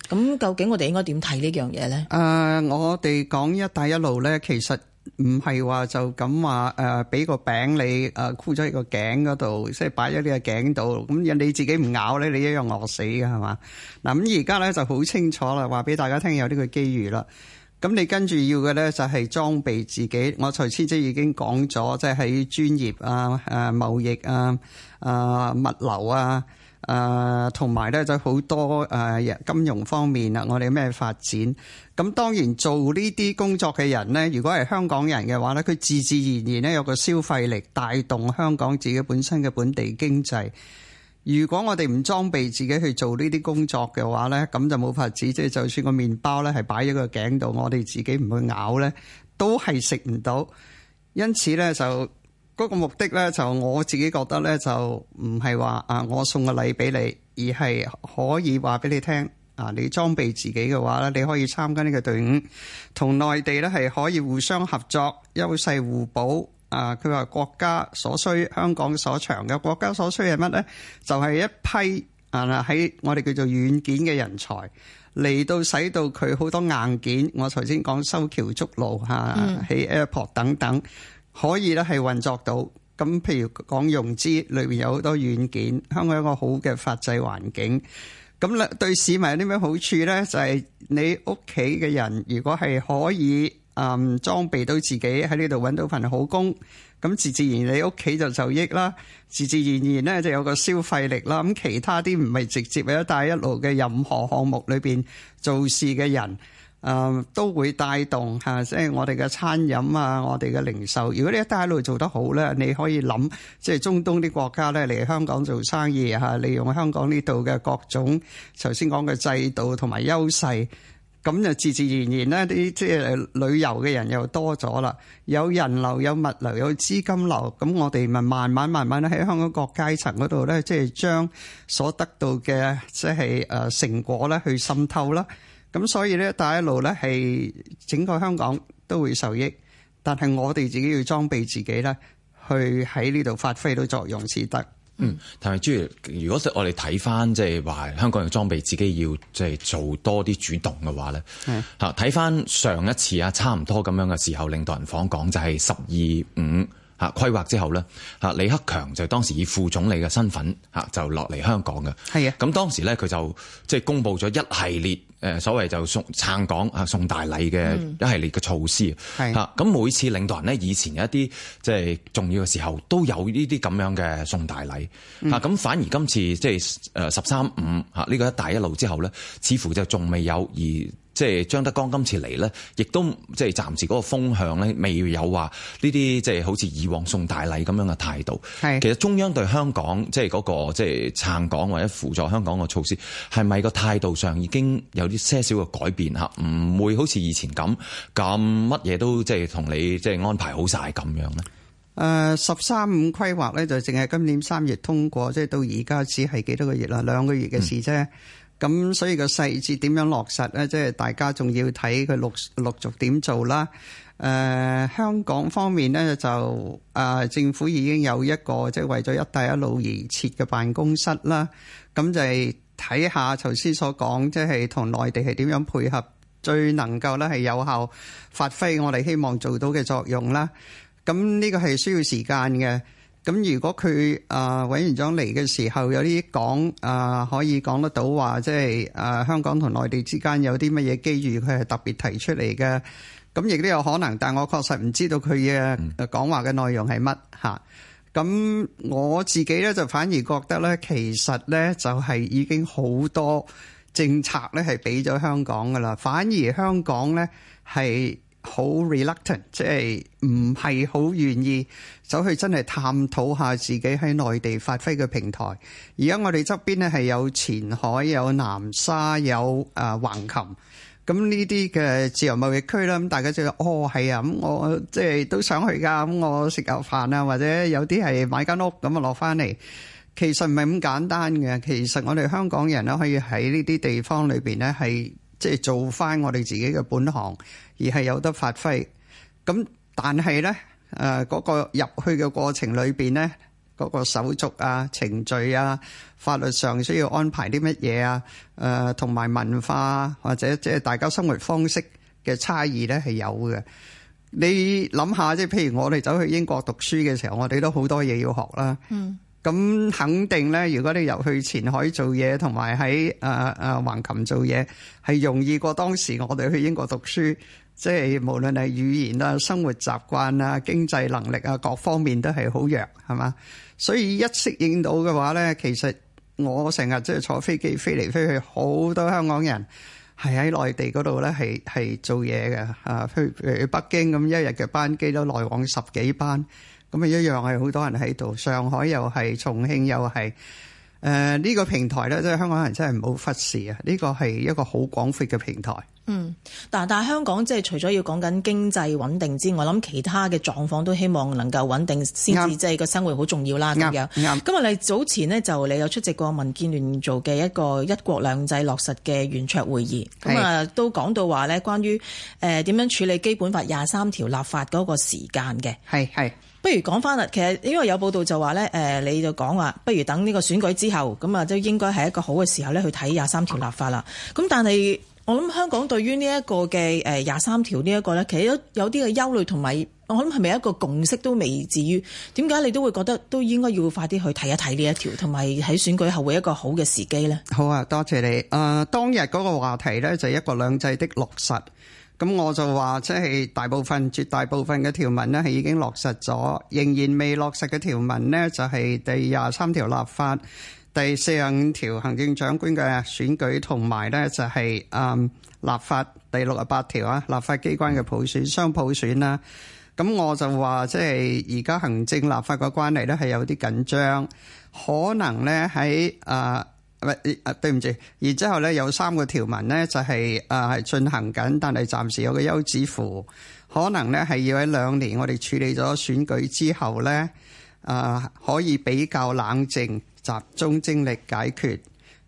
咁究竟我哋應該點睇呢樣嘢咧？誒、呃，我哋講一帶一路咧，其實唔係話就咁話誒，俾、呃、個餅你誒、呃、箍咗喺個頸嗰度，即係擺咗你嘅頸度，咁人你自己唔咬咧，你一樣餓死㗎係嘛？嗱，咁而家咧就好清楚啦，話俾大家聽有呢個機遇啦。咁你跟住要嘅咧就係裝備自己。我頭先已經講咗，即係喺專業啊、誒貿易啊、啊物流啊、誒同埋咧就好多誒金融方面啦。我哋咩發展？咁當然做呢啲工作嘅人咧，如果係香港人嘅話咧，佢自自然然咧有個消費力，帶動香港自己本身嘅本地經濟。如果我哋唔裝備自己去做呢啲工作嘅話呢，咁就冇法子。即係就算個麵包咧，係擺喺個頸度，我哋自己唔去咬呢都係食唔到。因此呢，就嗰個目的呢，就我自己覺得呢，就唔係話啊，我送個禮俾你，而係可以話俾你聽啊，你裝備自己嘅話呢，你可以參加呢個隊伍，同內地呢係可以互相合作，優勢互補。啊！佢話國家所需，香港所長嘅國家所需係乜呢？就係、是、一批啊！喺我哋叫做軟件嘅人才嚟到，使到佢好多硬件。我頭先講修橋築路嚇，喺、啊、Airport 等等可以咧係運作到。咁譬如講融資裏面有好多軟件，香港有個好嘅法制環境。咁咧對市民有啲咩好處呢？就係、是、你屋企嘅人如果係可以。嗯，裝備到自己喺呢度揾到份好工，咁自自然你屋企就受益啦，自自然然咧就有個消費力啦。咁其他啲唔係直接喺一帶一路嘅任何項目裏邊做事嘅人，嗯都會帶動嚇，即係我哋嘅餐飲啊，我哋嘅零售。如果你一帶一路做得好咧，你可以諗，即係中東啲國家咧嚟香港做生意嚇，利用香港呢度嘅各種，頭先講嘅制度同埋優勢。咁就自自然然咧，啲即係旅遊嘅人又多咗啦，有人流、有物流、有資金流，咁我哋咪慢慢慢慢咧喺香港各階層嗰度咧，即係將所得到嘅即係誒成果咧去滲透啦。咁所以咧，大一路咧係整個香港都會受益，但係我哋自己要裝備自己咧，去喺呢度發揮到作用先得。嗯，但係即係如果我哋睇翻即係話香港嘅裝備自己，要即係做多啲主動嘅話咧，嚇睇翻上一次啊，差唔多咁樣嘅時候領導人訪港就係十二五。規劃之後咧，李克強就當時以副總理嘅身份就落嚟香港嘅。係啊，咁當時咧佢就即係公佈咗一系列誒所謂就送撐港啊送大禮嘅一系列嘅措施。係啊、嗯，咁每次領導人呢，以前有一啲即係重要嘅時候都有呢啲咁樣嘅送大禮。咁、嗯、反而今次即係誒十三五呢、呢個一帶一路之後咧，似乎就仲未有而。即係張德江今次嚟呢，亦都即係暫時嗰個風向呢，未有話呢啲即係好似以往送大禮咁樣嘅態度。係是其實中央對香港即係嗰個即係撐港或者輔助香港嘅措施，係咪個態度上已經有啲些少嘅改變？嚇，唔會好似以前咁咁乜嘢都即係同你即係安排好晒咁樣呢？誒、呃，十三五規劃呢，就淨係今年三月通過，即係到而家只係幾多個月啦，兩個月嘅事啫。嗯咁所以個細節點樣落實咧，即係大家仲要睇佢陸陸續點做啦。誒，香港方面咧就誒政府已經有一個即係為咗一帶一路而設嘅辦公室啦。咁就係睇下頭先所講，即係同內地係點樣配合，最能夠咧係有效發揮我哋希望做到嘅作用啦。咁呢個係需要時間嘅。咁如果佢啊委員長嚟嘅時候有啲講啊，可以講得到話，即係啊香港同內地之間有啲乜嘢機遇，佢係特別提出嚟嘅。咁亦都有可能，但我確實唔知道佢嘅講話嘅內容係乜嚇。咁、嗯、我自己咧就反而覺得咧，其實咧就係已經好多政策咧係俾咗香港㗎喇，反而香港咧係。好 reluctant，即係唔係好願意走去真係探討下自己喺內地發揮嘅平台。而家我哋側邊咧係有前海、有南沙、有啊、呃、橫琴咁呢啲嘅自由貿易區啦。咁大家就哦係啊，咁我即係都想去噶。咁我食下飯啊，或者有啲係買間屋咁啊落翻嚟。其實唔係咁簡單嘅。其實我哋香港人咧可以喺呢啲地方裏邊呢，係即係做翻我哋自己嘅本行。而係有得發揮，咁但係咧，誒、呃、嗰、那個入去嘅過程裏邊咧，嗰、那個手續啊、程序啊、法律上需要安排啲乜嘢啊，誒同埋文化、啊、或者即係大家生活方式嘅差異咧係有嘅。你諗下，即係譬如我哋走去英國讀書嘅時候，我哋都好多嘢要學啦。嗯，咁肯定咧，如果你由去前海做嘢，同埋喺誒誒橫琴做嘢，係容易過當時我哋去英國讀書。即係無論係語言啊、生活習慣啊、經濟能力啊各方面都係好弱，係嘛？所以一適應到嘅話咧，其實我成日即係坐飛機飛嚟飛去，好多香港人係喺內地嗰度咧係係做嘢嘅吓，譬如北京咁一日嘅班機都來往十幾班，咁啊一樣係好多人喺度，上海又係，重慶又係。誒呢、呃這個平台咧，即係香港人真係唔好忽視啊！呢、這個係一個好廣闊嘅平台。嗯，但係但係香港即係除咗要講緊經濟穩定之外，諗其他嘅狀況都希望能夠穩定，先至即係個生活好重要啦咁對樣。啱，咁今日早前呢，就你有出席過民建聯做嘅一個一國兩制落實嘅圓桌會議，咁啊對都講到話咧關於誒點樣處理基本法廿三條立法嗰個時間嘅。係係。不如講翻啦，其實因為有報道就話呢，誒、呃、你就講話，不如等呢個選舉之後，咁啊都應該係一個好嘅時候呢，去睇廿三條立法啦。咁但係我諗香港對於呢一個嘅誒廿三條呢一個呢，其實有啲嘅憂慮同埋，我諗係咪一個共識都未至於？點解你都會覺得都應該要快啲去睇一睇呢一條，同埋喺選舉後會一個好嘅時機呢？好啊，多謝你。誒、呃，當日嗰個話題呢，就係一國兩制的落實。咁我就話即係大部分，絕大部分嘅條文呢，係已經落實咗，仍然未落實嘅條文呢，就係第廿三條立法，第四十五條行政長官嘅選舉同埋呢就係、啊、嗯立法第六十八條啊立法機關嘅普選、雙普選啦。咁我就話即係而家行政立法嘅關係呢，係有啲緊張，可能呢喺啊。呃唔，啊，對唔住，然之後咧有三個條文咧就係啊係進行緊，但係暫時有個休止符，可能咧係要喺兩年我哋處理咗選舉之後咧，啊、呃，可以比較冷靜，集中精力解決。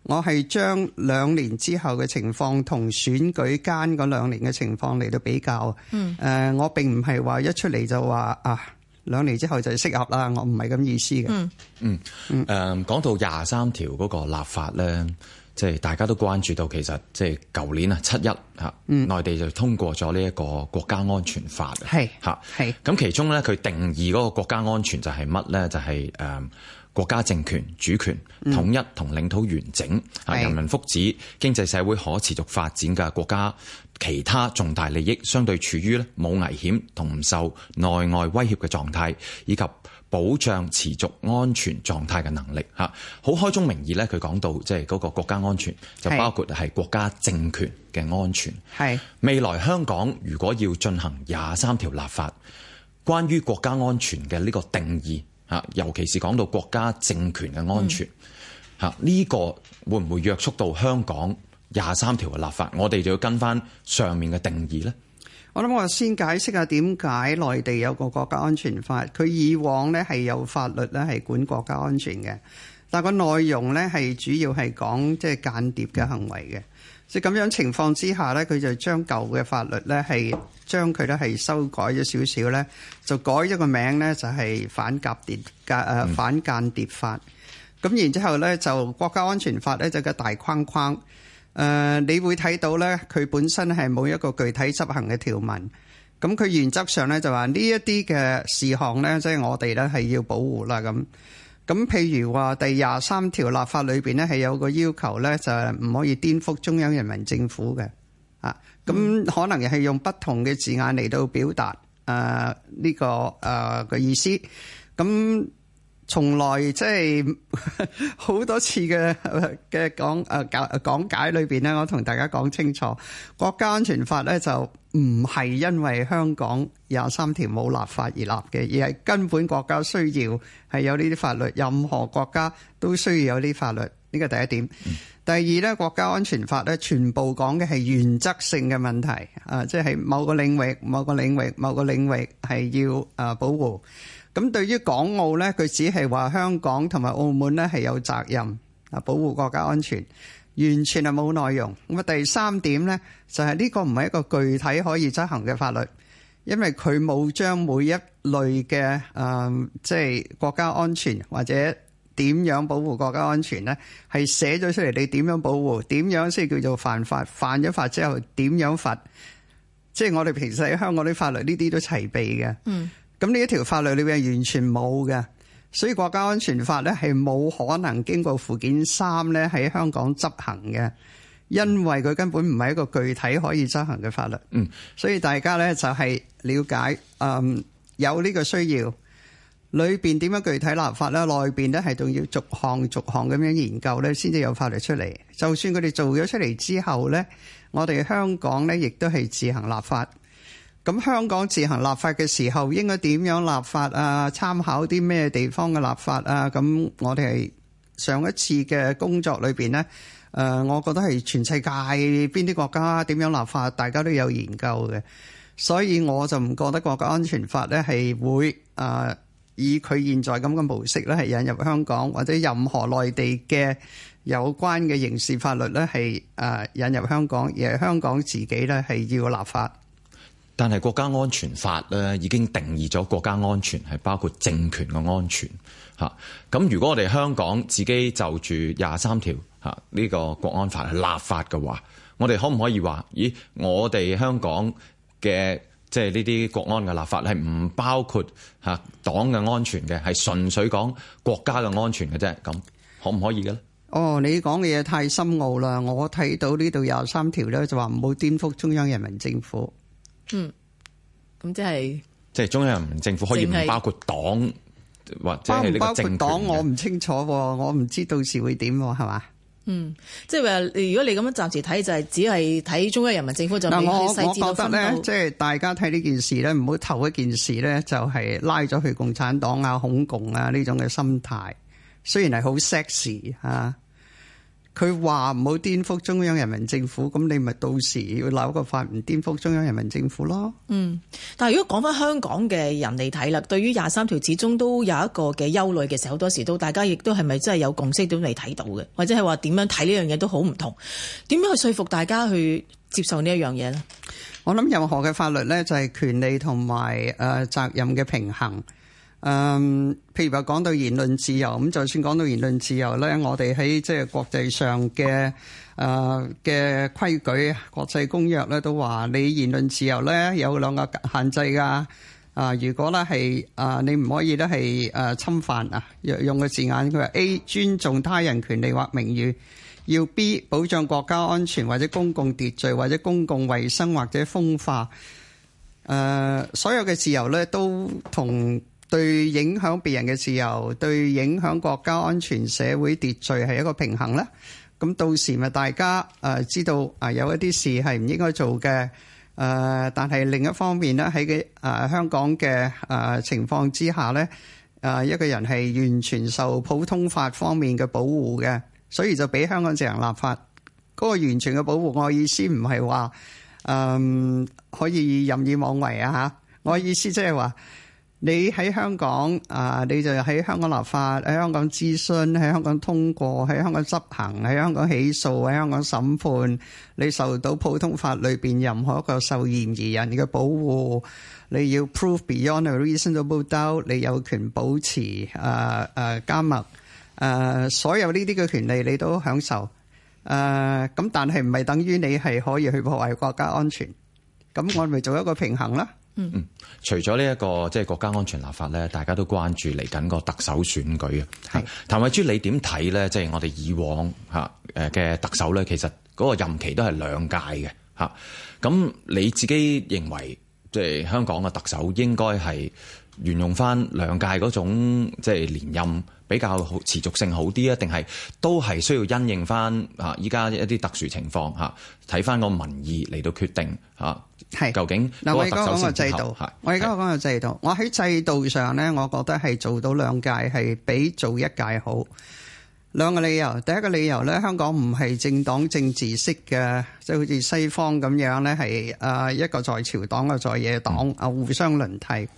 我係將兩年之後嘅情況同選舉間嗰兩年嘅情況嚟到比較。嗯，誒、呃，我並唔係話一出嚟就話啊。兩年之後就適合啦，我唔係咁意思嘅。嗯嗯嗯，誒、嗯嗯、講到廿三條嗰個立法咧，即係大家都關注到，其實即係舊年啊七一嚇，1, 嗯、內地就通過咗呢一個國家安全法。係嚇係。咁、嗯、其中咧，佢定義嗰個國家安全就係乜咧？就係、係、誒。嗯國家政權、主權統一同領土完整、嗯、人民福祉、經濟社會可持續發展嘅國家，其他重大利益相對處於咧冇危險同唔受內外威脅嘅狀態，以及保障持續安全狀態嘅能力嚇。好是開宗明義咧，佢講到即係嗰個國家安全就包括係國家政權嘅安全。係是未來香港如果要進行廿三條立法，關於國家安全嘅呢個定義。啊，尤其是講到國家政權嘅安全，嚇呢、嗯、個會唔會約束到香港廿三條嘅立法？我哋就要跟翻上面嘅定義呢。我諗我先解釋下點解內地有個國家安全法，佢以往咧係有法律咧係管國家安全嘅，但個內容咧係主要係講即係間諜嘅行為嘅。即咁樣情況之下咧，佢就將舊嘅法律咧係將佢咧係修改咗少少咧，就改一個名咧就係反間碟間誒反間諜法。咁然之後咧就國家安全法咧就個大框框誒、呃，你會睇到咧佢本身係冇一個具體執行嘅條文。咁佢原則上咧就話呢一啲嘅事項咧，即係我哋咧係要保護啦咁。咁譬如話第廿三條立法裏邊咧係有個要求咧，就係唔可以顛覆中央人民政府嘅啊。咁、嗯、可能又係用不同嘅字眼嚟到表達啊呢個啊個、呃、意思。咁、嗯從來即係好多次嘅嘅講誒解、啊、講解裏邊呢，我同大家講清楚，國家安全法呢，就唔係因為香港廿三條冇立法而立嘅，而係根本國家需要係有呢啲法律，任何國家都需要有呢啲法律，呢個第一點。嗯、第二呢，國家安全法呢，全部講嘅係原則性嘅問題，啊，即係某個領域、某個領域、某個領域係要誒保護。咁對於港澳呢，佢只係話香港同埋澳門呢係有責任啊，保護國家安全，完全係冇內容。咁啊第三點呢，就係呢個唔係一個具體可以執行嘅法律，因為佢冇將每一類嘅誒，即係國家安全或者點樣保護國家安全呢，係寫咗出嚟，你點樣保護，點樣先叫做犯法，犯咗法之後點樣罰？即係我哋平時喺香港啲法律呢啲都齊備嘅。嗯。咁呢一條法律裏邊係完全冇嘅，所以國家安全法咧，係冇可能經過附件三咧，喺香港執行嘅，因為佢根本唔係一個具體可以執行嘅法律。嗯，所以大家咧就係了解，嗯，有呢個需要，裏邊點樣具體立法咧，內邊咧係仲要逐項逐項咁樣研究咧，先至有法律出嚟。就算佢哋做咗出嚟之後咧，我哋香港咧亦都係自行立法。咁香港自行立法嘅時候，應該點樣立法啊？參考啲咩地方嘅立法啊？咁我哋係上一次嘅工作裏邊呢，誒，我覺得係全世界邊啲國家點樣立法，大家都有研究嘅，所以我就唔覺得國家安全法呢，係會誒以佢現在咁嘅模式呢，係引入香港或者任何內地嘅有關嘅刑事法律呢，係誒引入香港，而係香港自己呢，係要立法。但係國家安全法咧已經定義咗國家安全係包括政權嘅安全嚇。咁如果我哋香港自己就住廿三條嚇呢個國安法去立法嘅話，我哋可唔可以話，咦，我哋香港嘅即係呢啲國安嘅立法係唔包括嚇黨嘅安全嘅，係純粹講國家嘅安全嘅啫。咁可唔可以嘅咧？哦，你講嘅嘢太深奧啦！我睇到呢度廿三條咧，就話唔好顛覆中央人民政府。嗯，咁即係即係中央人民政府可以唔包括黨是或者包括呢個政黨？我唔清楚，我唔知到時會是會點係嘛？嗯，即係話，如果你咁樣暫時睇就係、是、只係睇中央人民政府就。嗱，我我覺得咧，即係大家睇呢件事咧，唔好頭一件事咧，就係拉咗去共產黨啊、恐共啊呢種嘅心態。雖然係好 sexy 啊。佢話唔好顛覆中央人民政府，咁你咪到時要鬧個法唔顛覆中央人民政府咯？嗯，但係如果講返香港嘅人嚟睇啦，對於廿三條始終都有一個嘅憂慮嘅時候，好多時都大家亦都係咪真係有共識都未睇到嘅，或者係話點樣睇呢樣嘢都好唔同，點樣去說服大家去接受呢一樣嘢呢？我諗任何嘅法律呢，就係權利同埋誒責任嘅平衡。誒、嗯，譬如話講到言論自由，咁就算講到言論自由咧，我哋喺即係國際上嘅誒嘅規矩、國際公約咧，都話你言論自由咧有兩個限制噶。啊、呃，如果咧係啊，你唔可以咧係誒侵犯啊，用個字眼，佢話 A 尊重他人權利或名譽，要 B 保障國家安全或者公共秩序或者公共衛生或者風化。誒、呃，所有嘅自由咧都同。對影響別人嘅自由，對影響國家安全、社會秩序係一個平衡咧。咁到時咪大家誒知道啊有一啲事係唔應該做嘅。誒、呃，但係另一方面咧喺誒香港嘅誒、呃、情況之下咧，啊、呃、一個人係完全受普通法方面嘅保護嘅，所以就俾香港自行立法嗰、那個完全嘅保護。我意思唔係話誒可以任意妄為啊吓。我意思即係話。你喺香港啊，你就喺香港立法，喺香港諮詢，喺香港通過，喺香港執行，喺香港起訴，喺香港審判，你受到普通法裏邊任何一個受嫌疑人嘅保護。你要 prove beyond a reasonable doubt，你有權保持誒誒緘默誒，所有呢啲嘅權利你都享受。誒咁，但係唔係等於你係可以去破壞國家安全？咁我咪做一個平衡啦。嗯嗯，除咗呢一個即係、就是、國家安全立法咧，大家都關注嚟緊個特首選舉啊。係是，譚惠珠，你點睇咧？即、就、係、是、我哋以往嚇誒嘅特首咧，其實嗰個任期都係兩屆嘅嚇。咁你自己認為即係、就是、香港嘅特首應該係沿用翻兩屆嗰種即係、就是、連任？比較好持續性好啲啊，定係都係需要因應翻吓，依家一啲特殊情況吓，睇翻個民意嚟到決定吓。係是究竟嗱，我而家講個制度，我而家講個制度。我喺制度上咧，我覺得係做到兩屆係比做一屆好。兩個理由，第一個理由咧，香港唔係政黨政治式嘅，即係好似西方咁樣咧，係啊一個在朝黨啊，在野黨啊、嗯、互相輪替。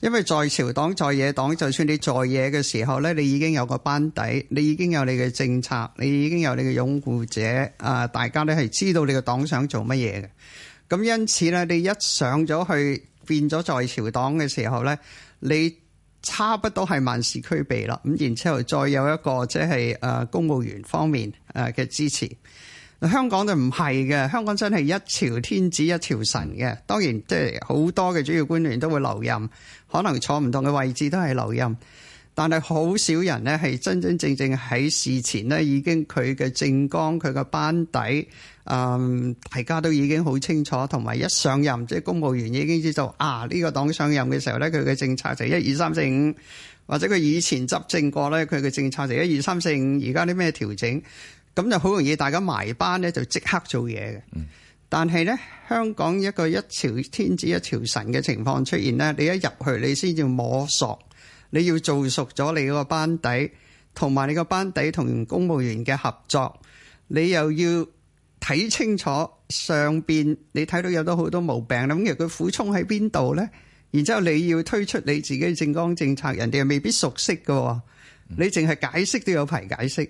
因為在朝黨、在野黨，就算你在野嘅時候咧，你已經有個班底，你已經有你嘅政策，你已經有你嘅擁護者，啊、呃，大家咧係知道你嘅黨想做乜嘢嘅。咁因此咧，你一上咗去，變咗在朝黨嘅時候咧，你差不多係萬事俱備啦。咁然之後再有一個，即係誒公務員方面誒嘅支持。香港就唔係嘅，香港真係一朝天子一朝臣嘅。當然，即係好多嘅主要官員都會留任，可能坐唔同嘅位置都係留任。但係好少人呢，係真真正正喺事前呢已經佢嘅政綱、佢嘅班底，嗯，大家都已經好清楚。同埋一上任，即係公務員已經知道啊，呢個黨上任嘅時候呢，佢嘅政策就一二三四五，或者佢以前執政過呢，佢嘅政策就一二三四五。而家啲咩調整？咁就好容易，大家埋班咧就即刻做嘢嘅。但係咧，香港一個一朝天子一朝臣嘅情況出現咧，你一入去，你先至摸索，你要做熟咗你個班底，同埋你個班底同公務員嘅合作，你又要睇清楚上邊，你睇到有咗好多毛病啦。咁而佢苦衷喺邊度咧？然之後你要推出你自己政綱政策，人哋又未必熟悉嘅。你淨係解釋都有排解釋。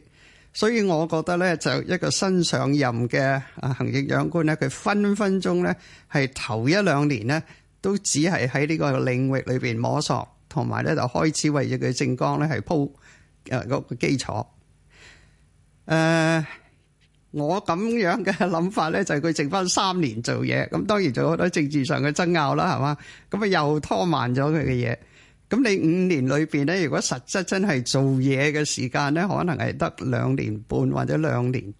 所以我覺得咧，就一個新上任嘅啊行政長官咧，佢分分鐘咧係頭一兩年呢，都只係喺呢個領域裏邊摸索，同埋咧就開始為咗佢政綱咧係鋪誒嗰個基礎。誒、呃，我咁樣嘅諗法咧，就係佢剩返三年做嘢，咁當然仲有好多政治上嘅爭拗啦，係嘛？咁啊又拖慢咗佢嘅嘢。咁你五年裏邊咧，如果實質真係做嘢嘅時間咧，可能係得兩年半或者兩年，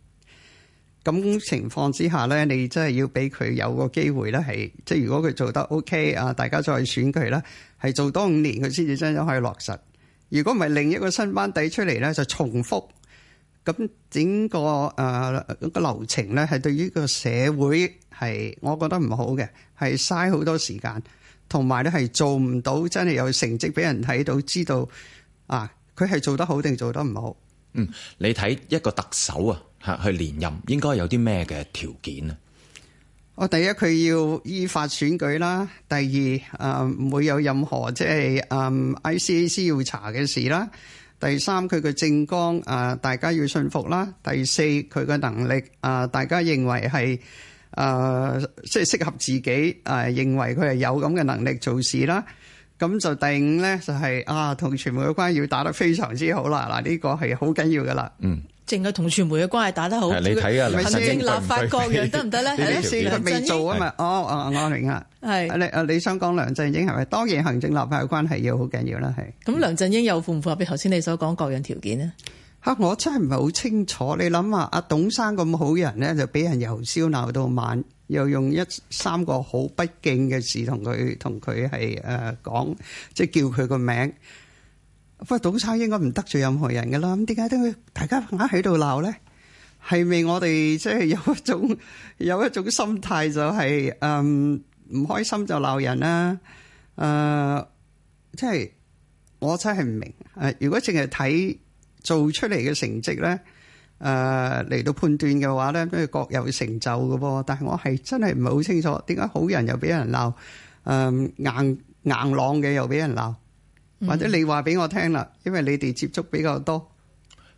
咁情況之下咧，你真係要俾佢有個機會咧，係即係如果佢做得 OK 啊，大家再選佢啦，係做多五年佢先至真正可以落實。如果唔係另一個新班底出嚟咧，就重複咁整個誒、呃那個流程咧，係對於個社會係我覺得唔好嘅，係嘥好多時間。同埋咧，係做唔到真係有成績，俾人睇到知道啊，佢係做得好定做得唔好？嗯，你睇一個特首啊，嚇去連任應該有啲咩嘅條件啊？我第一佢要依法選舉啦，第二啊唔會有任何即係嗯、啊、ICAC 要查嘅事啦，第三佢嘅政綱啊大家要信服啦，第四佢嘅能力啊大家認為係。誒即係適合自己，誒認為佢係有咁嘅能力做事啦。咁就第五咧就係啊，同傳媒嘅關係要打得非常之好啦。嗱，呢個係好緊要㗎啦。嗯，淨係同傳媒嘅關係打得好，行政立法各樣得唔得咧？梁振英未做啊？唔係，哦，我明啦。係，你啊你想講梁振英係咪？當然行政立法嘅關係要好緊要啦。係。咁梁振英又符唔符合啲頭先你所講各樣條件咧？吓！我真係唔係好清楚。你諗下，阿董生咁好人咧，就俾人由朝鬧到晚，又用一三個好不敬嘅字同佢同佢係誒講，即係叫佢個名。不過董生應該唔得罪任何人㗎啦。咁點解都大家硬喺度鬧咧？係咪我哋即係有一種有一種心態就係誒唔開心就鬧人啦？誒，即係我真係唔明。誒，如果淨係睇。做出嚟嘅成績咧，誒嚟到判斷嘅話咧，都係各有成就嘅噃。但係我係真係唔係好清楚點解好人又俾人鬧，誒硬硬朗嘅又俾人鬧，或者你話俾我聽啦，因為你哋接觸比較多。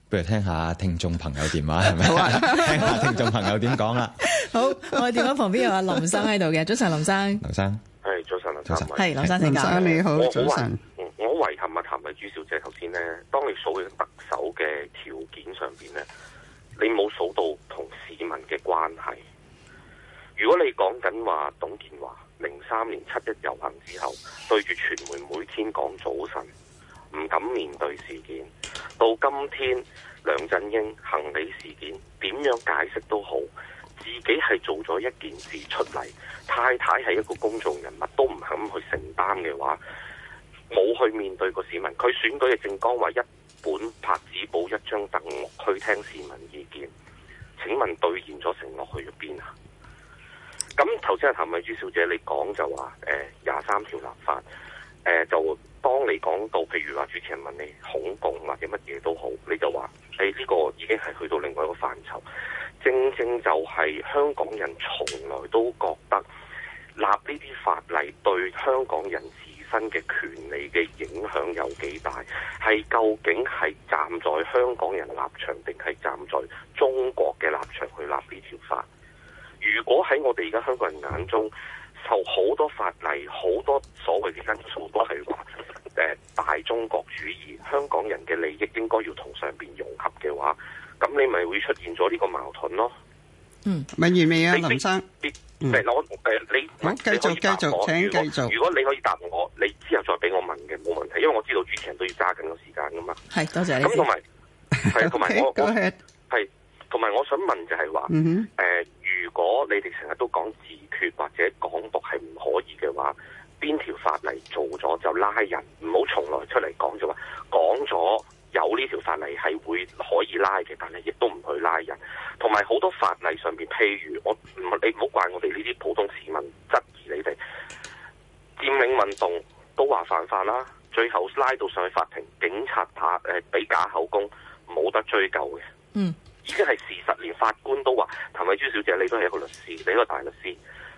不如聽下聽眾朋友電話係咪？聽下聽眾朋友點講啦。好，我哋電話旁邊有阿林生喺度嘅，早晨林生。林生，係早晨，早晨。係林生，請教。林生你好，早晨。我遺憾啊，譚惠珠小姐頭先呢，當你數緊特首嘅條件上邊呢，你冇數到同市民嘅關係。如果你講緊話董建華零三年七一遊行之後，對住傳媒每天講早晨，唔敢面對事件，到今天梁振英行李事件點樣解釋都好，自己係做咗一件事出嚟，太太係一個公眾人物都唔肯去承擔嘅話。冇去面對過市民，佢選舉嘅政綱話一本拍子簿、一張凳去聽市民意見。請問兌現咗承諾去咗邊啊？咁頭先阿譚惠珠小姐你講就話誒廿三條立法誒、欸、就當你講到譬如話主持人問你恐共或者乜嘢都好，你就話你呢個已經係去到另外一個範疇，正正就係香港人從來都覺得立呢啲法例對香港人。新嘅權利嘅影響有幾大？係究竟係站在香港人立場，定係站在中國嘅立場去立呢條法？如果喺我哋而家香港人眼中，受好多法例、好多所謂嘅因素都係話誒大中國主義，香港人嘅利益應該要同上邊融合嘅話，咁你咪會出現咗呢個矛盾咯？嗯，問完未啊，林生？唔係，攞、嗯嗯、你，繼續繼續，請繼續。如果你可以答我，你之後再俾我問嘅，冇問題，因為我知道主持人都要揸緊個時間噶嘛。係，多謝你。咁同埋係啊，同埋、嗯 okay, 我我同埋，我想問就係話誒，如果你哋成日都講自決或者港獨係唔可以嘅話，邊條法例做咗就拉人？唔好從來出嚟講就話講咗。有呢條法例係會可以拉嘅，但係亦都唔去拉人。同埋好多法例上面，譬如我唔你唔好怪我哋呢啲普通市民質疑你哋佔領運動都話犯法啦，最後拉到上去法庭，警察打誒俾假口供，冇得追究嘅。嗯，已經係事實，連法官都話，譚惠珠小姐，你都係一個律師，你一個大律師。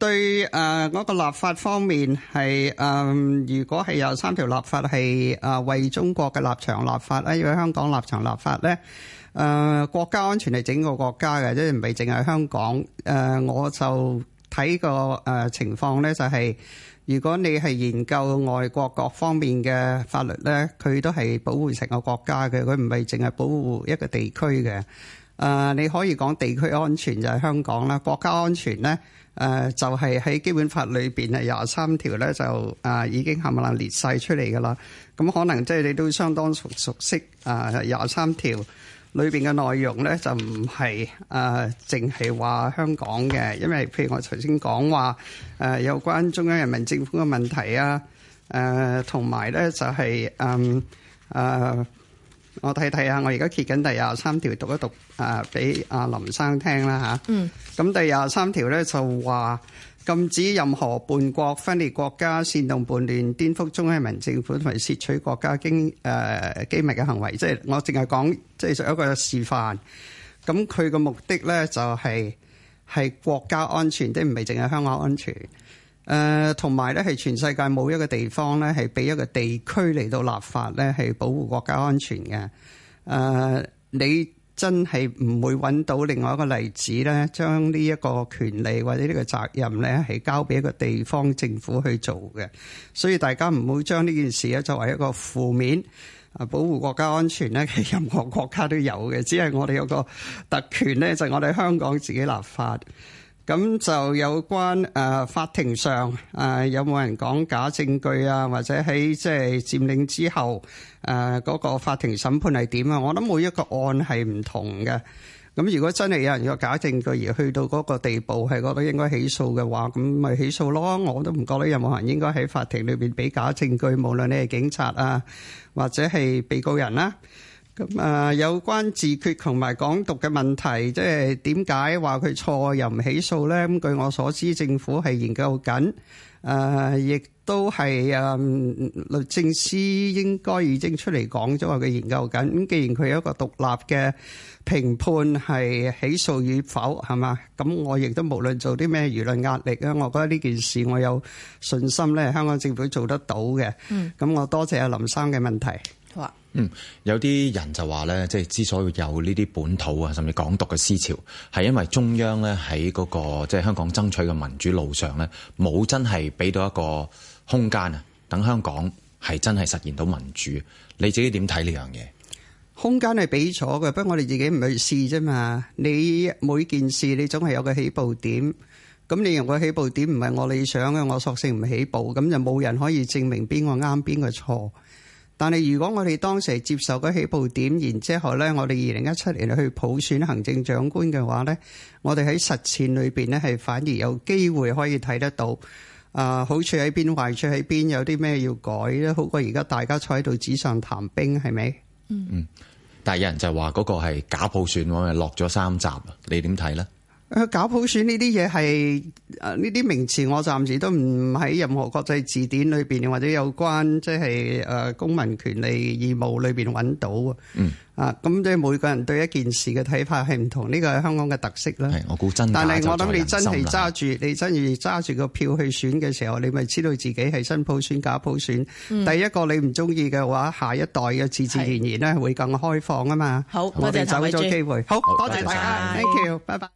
對，誒、呃、嗰、這個立法方面係誒、呃，如果係有三條立法係誒、呃、為中國嘅立場立法咧，因為香港立場立法咧，誒國家安全係整個國家嘅，即係唔係淨係香港。誒、呃、我就睇個誒、呃、情況咧、就是，就係如果你係研究外國各方面嘅法律咧，佢都係保護成個國家嘅，佢唔係淨係保護一個地區嘅。誒，uh, 你可以講地區安全就係香港啦，國家安全咧，誒就係喺基本法裏邊嘅廿三條咧，就誒已經冚唪唥列晒出嚟噶啦。咁可能即係你都相當熟熟悉誒廿三條裏邊嘅內容咧，就唔係誒淨係話香港嘅，因為譬如我頭先講話誒有關中央人民政府嘅問題啊，誒同埋咧就係誒誒。Um, uh, 我睇睇啊！我而家揭緊第廿三條讀一讀啊，俾阿林生聽啦吓。嗯，咁第廿三條咧就話禁止任何叛國分裂國家、煽動叛亂、顛覆中央人民政府，同埋竊取國家經誒機密嘅行為。即係我淨係講，即係做一個示範。咁佢個目的咧就係、是、係國家安全，即唔係淨係香港安全。誒同埋咧，係全世界冇一個地方咧，係俾一個地區嚟到立法咧，係保護國家安全嘅。誒、呃，你真係唔會揾到另外一個例子咧，將呢一個權利或者呢個責任咧，係交俾一個地方政府去做嘅。所以大家唔好將呢件事咧作為一個負面啊，保護國家安全咧，任何國家都有嘅，只係我哋有個特權咧，就係我哋香港自己立法。咁就有關誒、呃、法庭上誒、呃、有冇人講假證據啊，或者喺即係佔領之後誒嗰、呃嗰個法庭審判係點啊？我諗每一個案係唔同嘅。咁如果真係有人有假證據而去到嗰個地步，係覺得應該起訴嘅話，咁咪起訴咯。我都唔覺得有冇人應該喺法庭裏邊俾假證據，無論你係警察啊，或者係被告人啦、啊。咁啊、嗯，有關自決同埋港獨嘅問題，即係點解話佢錯又唔起訴咧？咁據我所知，政府係研究緊，誒、呃，亦都係啊、嗯、律政司應該已經出嚟講咗話佢研究緊。咁既然佢有一個獨立嘅評判係起訴與否，係嘛？咁我亦都無論做啲咩輿論壓力咧，我覺得呢件事我有信心咧，香港政府做得到嘅。嗯，咁我多謝阿林生嘅問題。嗯，有啲人就話咧，即係之所以有呢啲本土啊，甚至港獨嘅思潮，係因為中央咧喺嗰個即係、就是、香港爭取嘅民主路上咧，冇真係俾到一個空間啊，等香港係真係實現到民主。你自己點睇呢樣嘢？空間係俾咗嘅，不過我哋自己唔去試啫嘛。你每件事你總係有個起步點，咁你用個起步點唔係我理想嘅，我索性唔起步，咁就冇人可以證明邊個啱邊個錯。但係，如果我哋當時接受嗰起步點，然之後呢，我哋二零一七年去普選行政長官嘅話呢，我哋喺實踐裏邊咧，係反而有機會可以睇得到，啊、呃，好處喺邊，壞處喺邊，有啲咩要改咧，好過而家大家坐喺度紙上談兵，係咪？嗯嗯，嗯但係有人就話嗰個係假普選，我哋落咗三集，你點睇呢？誒搞普選呢啲嘢係誒呢啲名詞，我暫時都唔喺任何國際字典裏邊，或者有關即係誒公民權利義務裏邊揾到啊、嗯、啊。啊，咁即係每個人對一件事嘅睇法係唔同，呢個係香港嘅特色啦、嗯。我估真但係我諗你真係揸住，你真係揸住個票去選嘅時候，你咪知道自己係真普選、假普選。嗯、第一個你唔中意嘅話，下一代嘅自自然然咧會更開放啊嘛。好，我哋走咗機會。好多謝大家，thank you，拜拜。